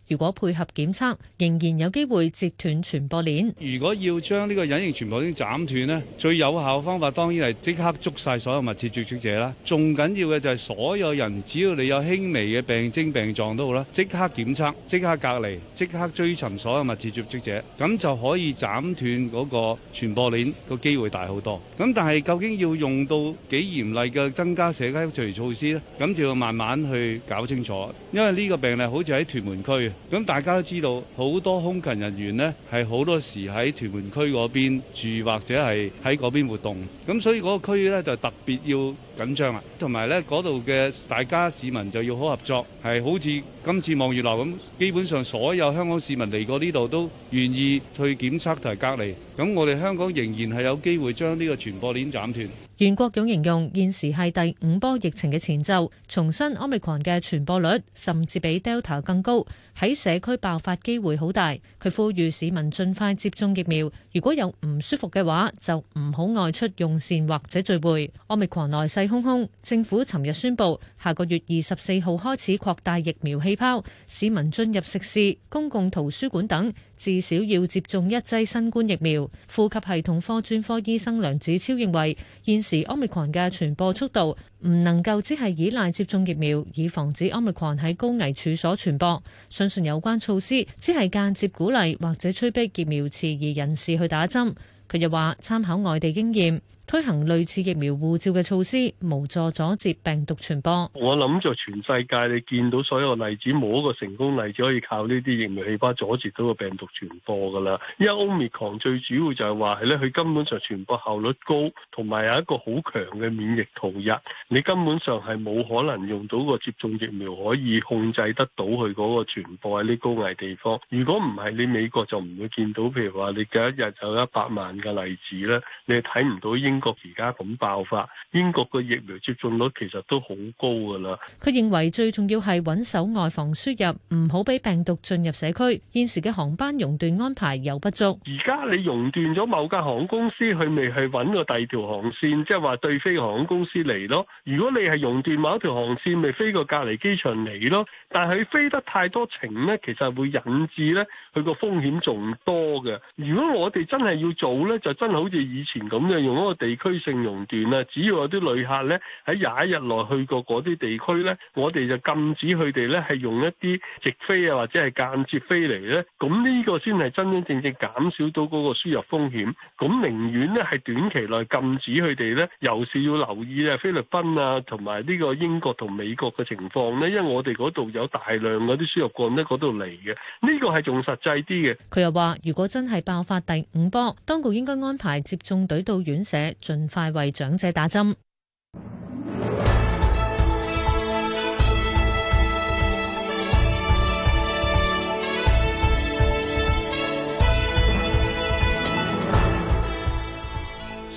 如果配合檢測，仍然有機會截斷傳播鏈。如果要將呢個隱形傳播鏈斬斷咧，最有效嘅方法當然係即刻捉晒所有密切接觸者啦。仲緊要嘅就係所有人，只要你有輕微嘅病徵病狀都好啦，即刻檢測，即刻隔離，即刻追尋所有密切接觸者，咁就可以斬斷嗰個傳播鏈，個機會大好多。咁但係究竟要用到幾嚴厲嘅增加社交距離措施呢？咁就要慢慢去搞清楚，因為呢個病例好似喺屯門區。咁大家都知道，好多空勤人員呢，係好多時喺屯門區嗰邊住或者係喺嗰邊活動，咁所以嗰個區域咧就特別要緊張啦。同埋咧，嗰度嘅大家市民就要好合作，係好似今次望月樓咁，基本上所有香港市民嚟過呢度都願意去檢測同隔離，咁我哋香港仍然係有機會將呢個傳播鏈斬斷。袁國勇形容現時係第五波疫情嘅前奏，重申 Omicron 嘅傳播率甚至比 Delta 更高，喺社區爆發機會好大。佢呼籲市民盡快接種疫苗，如果有唔舒服嘅話就唔好外出用膳或者聚會。Omicron 來勢洶洶，政府尋日宣布下個月二十四號開始擴大疫苗氣泡，市民進入食肆、公共圖書館等，至少要接種一劑新冠疫苗。呼吸系統科專科醫生梁子超認為，現時 Omicron 嘅傳播速度唔能夠只係依賴接種疫苗，以防止 Omicron 喺高危處所傳播。相信有關措施只係間接鼓勵或者催逼疫苗遲疑人士去打針。佢又話：參考外地經驗。推行類似疫苗護照嘅措施，無助阻截病毒傳播。我諗就全世界，你見到所有例子，冇一個成功例子可以靠呢啲疫苗氣泡阻截到個病毒傳播噶啦。因為奧密克戎最主要就係話係咧，佢根本上傳播效率高，同埋有一個好強嘅免疫逃逸。你根本上係冇可能用到個接種疫苗可以控制得到佢嗰個傳播喺啲高危地方。如果唔係，你美國就唔會見到，譬如話你隔一日就有一百萬嘅例子啦，你睇唔到英，英國而家咁爆發，英國個疫苗接種率其實都好高噶啦。佢認為最重要係穩守外防輸入，唔好俾病毒進入社區。現時嘅航班熔斷安排又不足。而家你熔斷咗某間航空公司，佢咪去穩個第二條航線，即係話對飛航空公司嚟咯。如果你係熔斷某條航線，咪飛過隔離機場嚟咯。但係飛得太多程呢，其實會引致呢，佢個風險仲多嘅。如果我哋真係要做呢，就真係好似以前咁樣用一個。地區性熔斷啦，只要有啲旅客咧喺廿一日內去過嗰啲地區咧，我哋就禁止佢哋咧係用一啲直飛啊或者係間接飛嚟咧。咁呢個先係真真正正減少到嗰個輸入風險。咁寧願呢係短期內禁止佢哋咧，尤其是要留意咧菲律賓啊同埋呢個英國同美國嘅情況咧，因為我哋嗰度有大量嗰啲輸入過咁咧嗰度嚟嘅。呢個係仲實際啲嘅。佢又話：如果真係爆發第五波，當局應該安排接種隊到院舍，盡快為長者打針。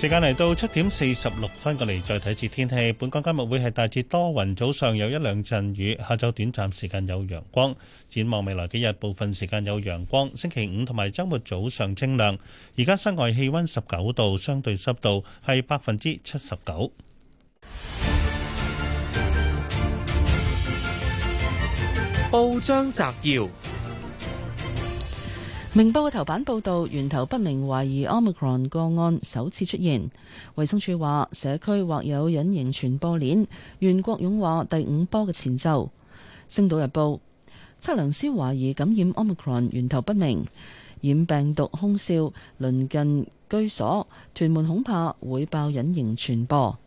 時間嚟到七點四十六分，過嚟再睇次天氣。本港今日會係大致多雲，早上有一兩陣雨，下晝短暫時間有陽光。展望未來幾日，部分時間有陽光。星期五同埋周末早上清涼。而家室外氣溫十九度，相對濕度係百分之七十九。報章摘要。明報嘅頭版報道，源頭不明，懷疑 Omicron 個案首次出現。衛生署話社區或有隱形傳播鏈。袁國勇話第五波嘅前奏。星島日報測量師懷疑感染 Omicron 源頭不明，染病毒空少鄰近居所屯門恐怕會爆隱形傳播。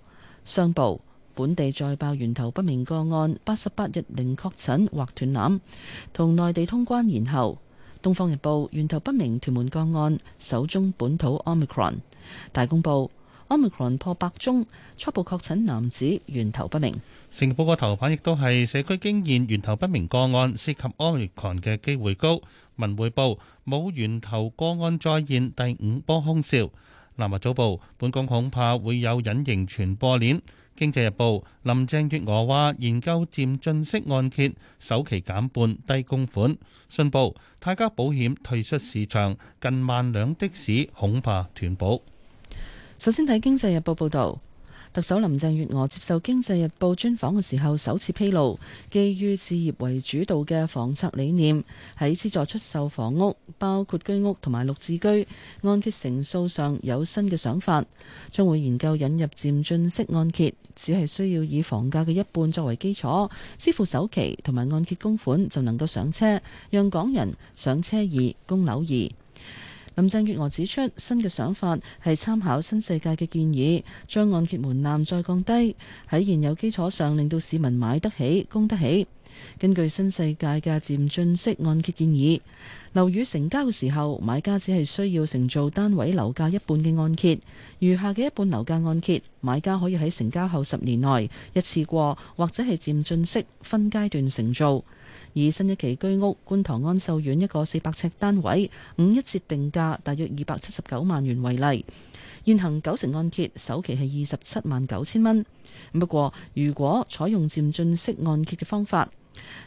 商報本地再爆源頭不明個案，八十八日零確診或斷纜，同內地通關延後。《東方日報》源頭不明屯門個案首宗本土 Omicron，《大公報》Omicron 破百宗，初步確診男子源頭不明，《成報》個頭版亦都係社區經驗源頭不明個案涉及 Omicron 嘅機會高，《文匯報》冇源頭個案再現第五波凶兆，《南華早報》本港恐怕會有隱形傳播鏈。經濟日報林鄭月娥話：研究漸進式按揭，首期減半，低供款。信報：泰嘉保險退出市場，近萬輛的士恐怕斷保。首先睇經濟日報報道。特首林鄭月娥接受《經濟日報》專訪嘅時候，首次披露基於置業為主導嘅房策理念，喺資助出售房屋，包括居屋同埋綠置居按揭成數上有新嘅想法，將會研究引入漸進式按揭，只係需要以房價嘅一半作為基礎支付首期同埋按揭供款，就能夠上車，讓港人上車易供樓易。林鄭月娥指出，新嘅想法係參考新世界嘅建議，將按揭門檻再降低，喺現有基礎上令到市民買得起、供得起。根據新世界嘅漸進式按揭建議，樓宇成交嘅時候，買家只係需要承造單位樓價一半嘅按揭，餘下嘅一半樓價按揭，買家可以喺成交後十年內一次過，或者係漸進式分階段承做。以新一期居屋觀塘安秀苑一個四百尺單位五一折定價，大約二百七十九萬元為例。現行九成按揭，首期係二十七萬九千蚊。不過，如果採用漸進式按揭嘅方法，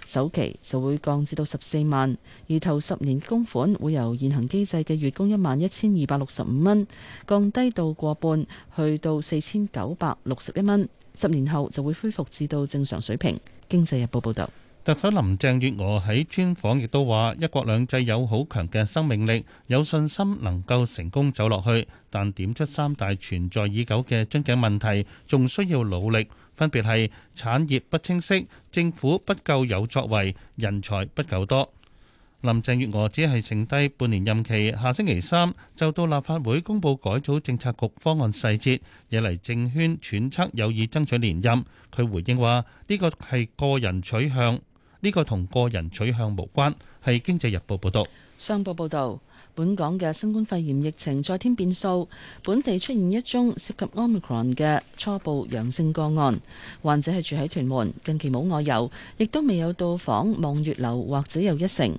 首期就會降至到十四萬，而頭十年供款會由現行機制嘅月供一萬一千二百六十五蚊，降低到過半去到四千九百六十一蚊。十年後就會恢復至到正常水平。經濟日報報道。特首林鄭月娥喺專訪亦都話：一國兩制有好強嘅生命力，有信心能夠成功走落去。但點出三大存在已久嘅樽頸問題，仲需要努力。分別係產業不清晰、政府不夠有作為、人才不夠多。林鄭月娥只係剩低半年任期，下星期三就到立法會公佈改組政策局方案細節，惹嚟政圈揣測有意爭取連任。佢回應話：呢個係個人取向。呢個同個人取向無關，係《經濟日報》報道。商報報導，本港嘅新冠肺炎疫情再添變數，本地出現一宗涉及 Omicron 嘅初步陽性個案，患者係住喺屯門，近期冇外遊，亦都未有到訪望月樓或者又一城。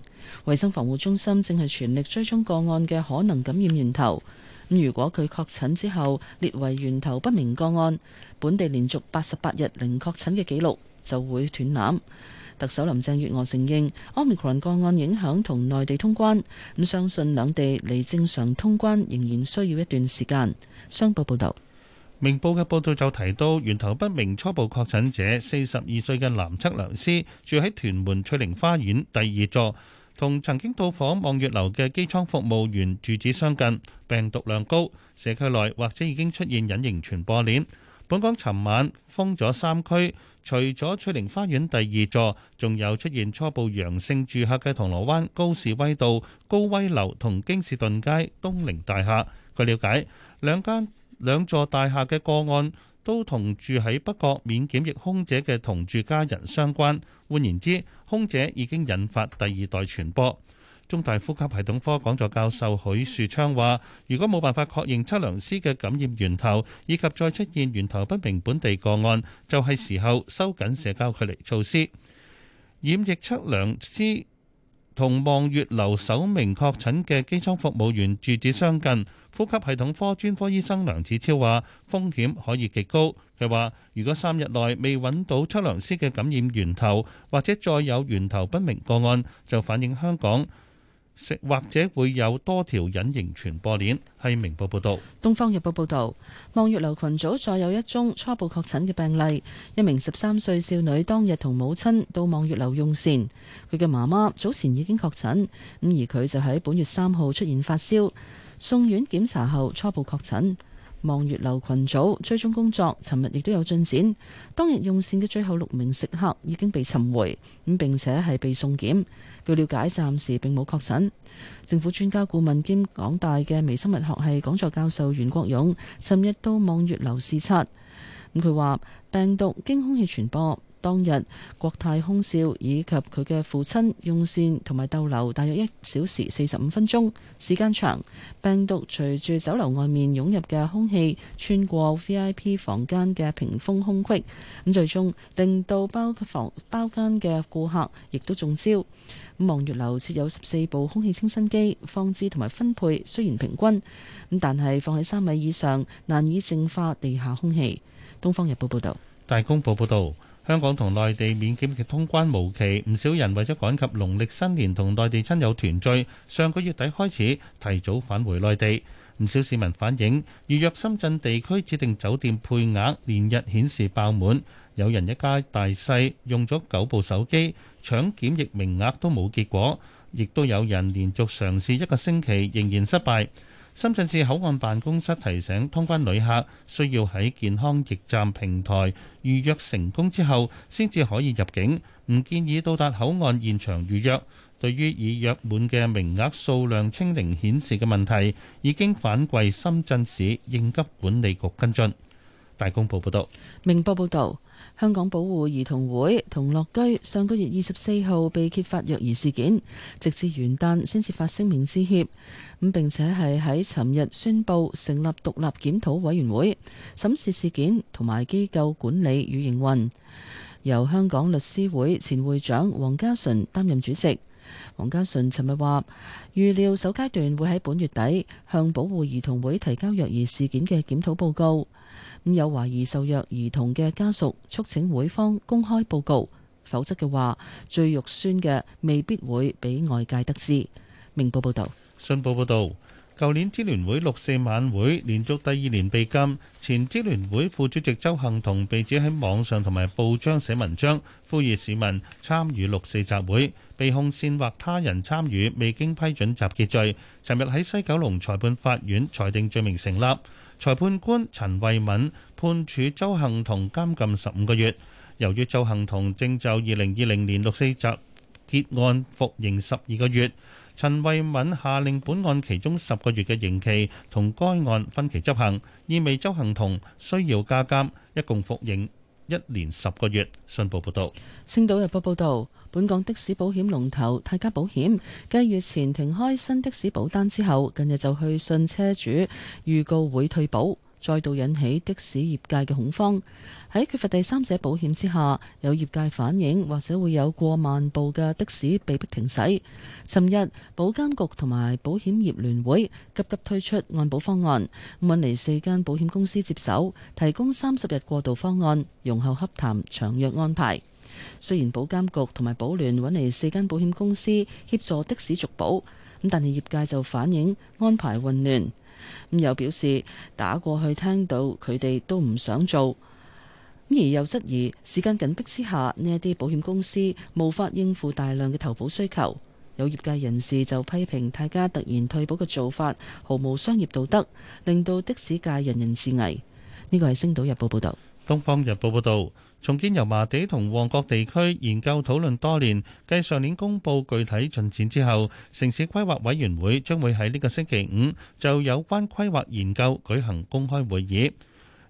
衞生防護中心正係全力追蹤個案嘅可能感染源頭。如果佢確診之後列為源頭不明個案，本地連續八十八日零確診嘅記錄就會斷纜。特首林鄭月娥承認，Omicron 個案影響同內地通關，咁相信兩地離正常通關仍然需要一段時間。商報報道，明報嘅報道就提到源頭不明初步確診者四十二歲嘅男測量師住喺屯門翠玲花園第二座，同曾經到訪望月樓嘅機艙服務員住址相近，病毒量高，社區內或者已經出現隱形傳播鏈。本港尋晚封咗三區。除咗翠玲花園第二座，仲有出現初步陽性住客嘅銅鑼灣高士威道高威樓同京士頓街東寧大廈。據了解，兩間兩座大廈嘅個案都同住喺北角免檢疫空姐嘅同住家人相關。換言之，空姐已經引發第二代傳播。中大呼吸系統科講座教授許樹昌話，如果冇辦法確認測量師嘅感染源頭以及再出現源頭不明本地個案，就係、是、時候收緊社交距離措施。染疫測量師同望月樓首名確診嘅機艙服務員住址相近，呼吸系統科專科醫生梁子超話風險可以極高。佢話如果三日內未揾到測量師嘅感染源頭或者再有源頭不明個案，就反映香港。食或者會有多條隱形傳播鏈。係明報報導。東方日報報導，望月樓群組再有一宗初步確診嘅病例，一名十三歲少女當日同母親到望月樓用膳，佢嘅媽媽早前已經確診，咁而佢就喺本月三號出現發燒，送院檢查後初步確診。望月樓群組追蹤工作，尋日亦都有進展。當日用膳嘅最後六名食客已經被尋回，咁並且係被送檢。據了解，暫時並冇確診。政府專家顧問兼港大嘅微生物學系講座教授袁國勇，尋日到望月樓視察。咁佢話病毒經空氣傳播。當日，國泰空少以及佢嘅父親用膳同埋逗留大約一小時四十五分鐘，時間長，病毒隨住酒樓外面湧入嘅空氣，穿過 VIP 房間嘅屏風空隙，咁最終令到包房包間嘅顧客亦都中招。望月樓設有十四部空氣清新機，放置同埋分配雖然平均，但係放喺三米以上，難以淨化地下空氣。《東方日報》報道，《大公報》報道。香港同內地免檢嘅通關無期，唔少人為咗趕及農曆新年同內地親友團聚，上個月底開始提早返回內地。唔少市民反映，預約深圳地區指定酒店配額連日顯示爆滿，有人一家大細用咗九部手機搶檢疫名額都冇結果，亦都有人連續嘗試一個星期仍然失敗。深圳市口岸辦公室提醒通關旅客，需要喺健康驛站平台預約成功之後先至可以入境，唔建議到達口岸現場預約。對於已約滿嘅名額數量清零顯示嘅問題，已經反饋深圳市應急管理局跟進。大公報報道。明報報道。香港保護兒童會同樂居上個月二十四號被揭發虐兒事件，直至元旦先至發聲明致歉，並且係喺尋日宣布成立獨立檢討委員會，審視事件同埋機構管理與營運，由香港律師會前會長黃嘉純擔任主席。黃嘉純尋日話，預料首階段會喺本月底向保護兒童會提交虐兒事件嘅檢討報告。有懷疑受虐兒童嘅家屬，促請會方公開報告；否則嘅話，最肉酸嘅未必會俾外界得知。明報報導，信報報導，舊年支聯會六四晚會連續第二年被禁，前支聯會副主席鄒幸彤被指喺網上同埋報章寫文章，呼籲市民參與六四集會，被控煽惑他人參與未經批准集結罪。尋日喺西九龍裁判法院裁定罪名成立。裁判官陳慧敏判處周幸彤監禁十五個月，由於周幸彤正就二零二零年六四集結案服刑十二個月，陳慧敏下令本案其中十個月嘅刑期同該案分期執行，意味周幸彤需要加監，一共服刑。一年十個月。信報報道：《星島日報》報道，本港的士保險龍頭泰加保險，繼月前停開新的士保單之後，近日就去信車主預告會退保。再度引起的士業界嘅恐慌。喺缺乏第三者保險之下，有業界反映或者會有過萬部嘅的、的士被迫停駛，尋日，保監局同埋保險業聯會急急推出按保方案，揾嚟四間保險公司接手，提供三十日過渡方案，容後洽談長約安排。雖然保監局同埋保聯揾嚟四間保險公司協助的士續保，咁但係業界就反映安排混亂。咁又表示打過去聽到佢哋都唔想做，而又質疑時間緊迫之下呢一啲保險公司無法應付大量嘅投保需求。有業界人士就批評大家突然退保嘅做法毫無商業道德，令到的士界人人自危。呢個係《星島日報》報道，《東方日報》報道。重建油麻地同旺角地區研究討論多年，繼上年公布具體進展之後，城市規劃委員會將會喺呢個星期五就有關規劃研究舉行公開會議。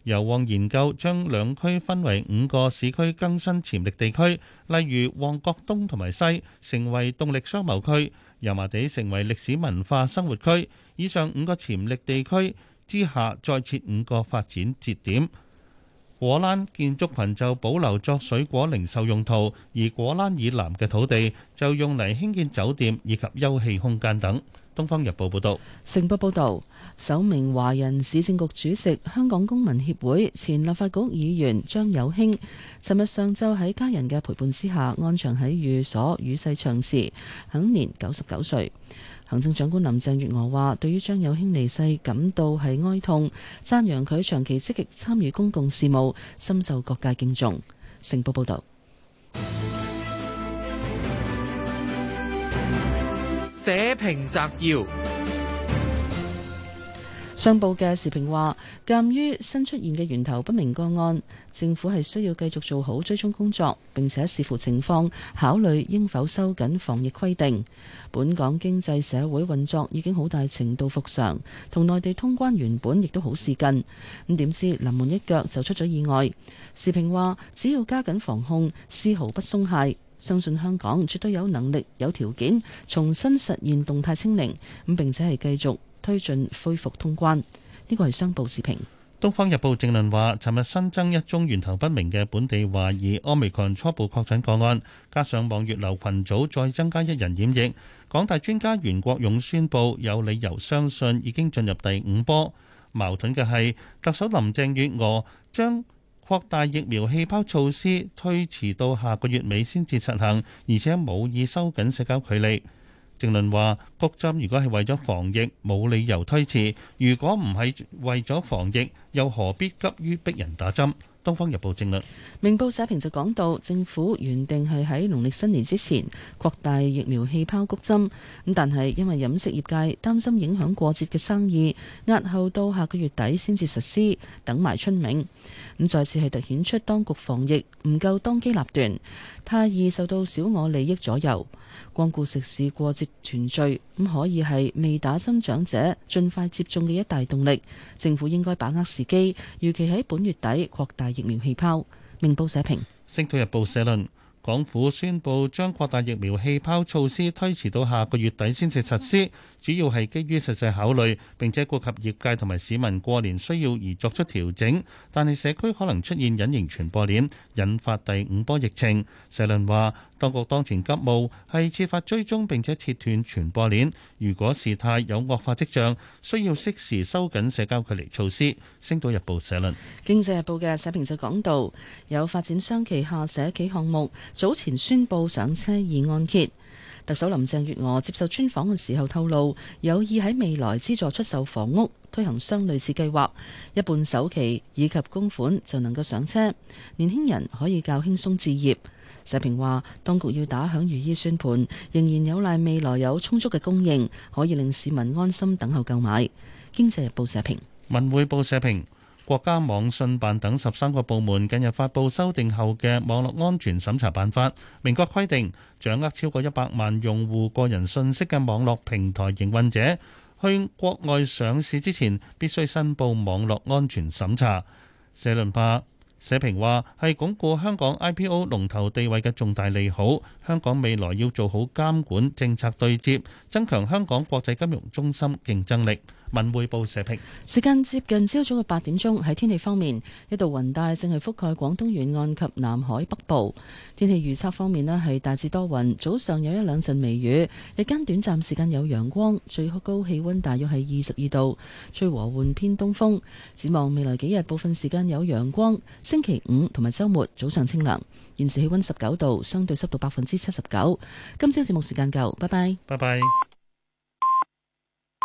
油旺研究將兩區分為五個市區更新潛力地區，例如旺角東同埋西成為動力商貿區，油麻地成為歷史文化生活區，以上五個潛力地區之下，再設五個發展節點。果欄建築群就保留作水果零售用途，而果欄以南嘅土地就用嚟興建酒店以及休憩空間等。東方日報報道，成報報道，首名華人市政局主席、香港公民協會前立法局議員張有興，尋日上晝喺家人嘅陪伴之下，安詳喺寓所與世長辭，享年九十九歲。行政長官林鄭月娥話，對於張有興離世感到係哀痛，讚揚佢長期積極參與公共事務，深受各界敬重。成報報道。社評摘要。上報嘅時評話，鑑於新出現嘅源頭不明個案，政府係需要繼續做好追蹤工作，並且視乎情況考慮應否收緊防疫規定。本港經濟社會運作已經好大程度復常，同內地通關原本亦都好接近。咁點知臨門一腳就出咗意外。時評話，只要加緊防控，絲毫不鬆懈，相信香港絕對有能力、有條件重新實現動態清零，咁並且係繼續。推進恢復通關，呢個係商報視頻。東方日報正論話，尋日新增一宗源頭不明嘅本地懷疑 Omicron 初步確診個案，加上望月流群組再增加一人染疫。港大專家袁國勇宣布有理由相信已經進入第五波。矛盾嘅係，特首林鄭月娥將擴大疫苗氣泡措施推遲到下個月尾先至實行，而且冇意收緊社交距離。政論話，谷針如果係為咗防疫，冇理由推遲；如果唔係為咗防疫，又何必急於逼人打針？東方日報政論，明報社評就講到，政府原定係喺農曆新年之前擴大疫苗氣泡谷針，咁但係因為飲食業界擔心影響過節嘅生意，押後到下個月底先至實施，等埋春明。咁再次係凸顯出當局防疫唔夠當機立斷，太易受到小我利益左右。光顧食肆過節團聚，咁可以係未打針長者盡快接種嘅一大動力。政府應該把握時機，預期喺本月底擴大疫苗氣泡。明報社評，《星島日報》社論：港府宣布將擴大疫苗氣泡措施推遲到下個月底先至實施，主要係基於實際考慮，並且顧及業界同埋市民過年需要而作出調整。但係社區可能出現隱形傳播鏈，引發第五波疫情。社論話，當局當前急務係設法追蹤並且切斷傳播鏈。如果事態有惡化跡象，需要適時收緊社交距離措施。星島日報社論。經濟日報嘅社評就講到，有發展商旗下社企項目早前宣布上車已按揭。特首林鄭月娥接受專訪嘅時候透露，有意喺未來資助出售房屋，推行相類似計劃，一半首期以及供款就能夠上車，年輕人可以較輕鬆置業。社評話，當局要打響如衣宣判，仍然有賴未來有充足嘅供應，可以令市民安心等候購買。經濟日報社評，文匯報社評，國家網信辦等十三個部門近日發佈修訂後嘅網絡安全審查辦法，明確規定，掌握超過一百萬用戶個人信息嘅網絡平台營運者，去國外上市之前，必須申報網絡安全審查。社論霸。社評話係鞏固香港 IPO 龍頭地位嘅重大利好，香港未來要做好監管政策對接，增強香港國際金融中心競爭力。文匯報社評：時間接近朝早嘅八點鐘，喺天氣方面，一道雲帶正係覆蓋廣東沿岸及南海北部。天氣預測方面咧，係大致多雲，早上有一兩陣微雨，日間短暫時間有陽光，最高氣溫大約係二十二度，吹和緩偏東風。展望未來幾日，部分時間有陽光，星期五同埋週末早上清涼。現時氣溫十九度，相對濕度百分之七十九。今朝節目時間夠，拜拜，拜拜。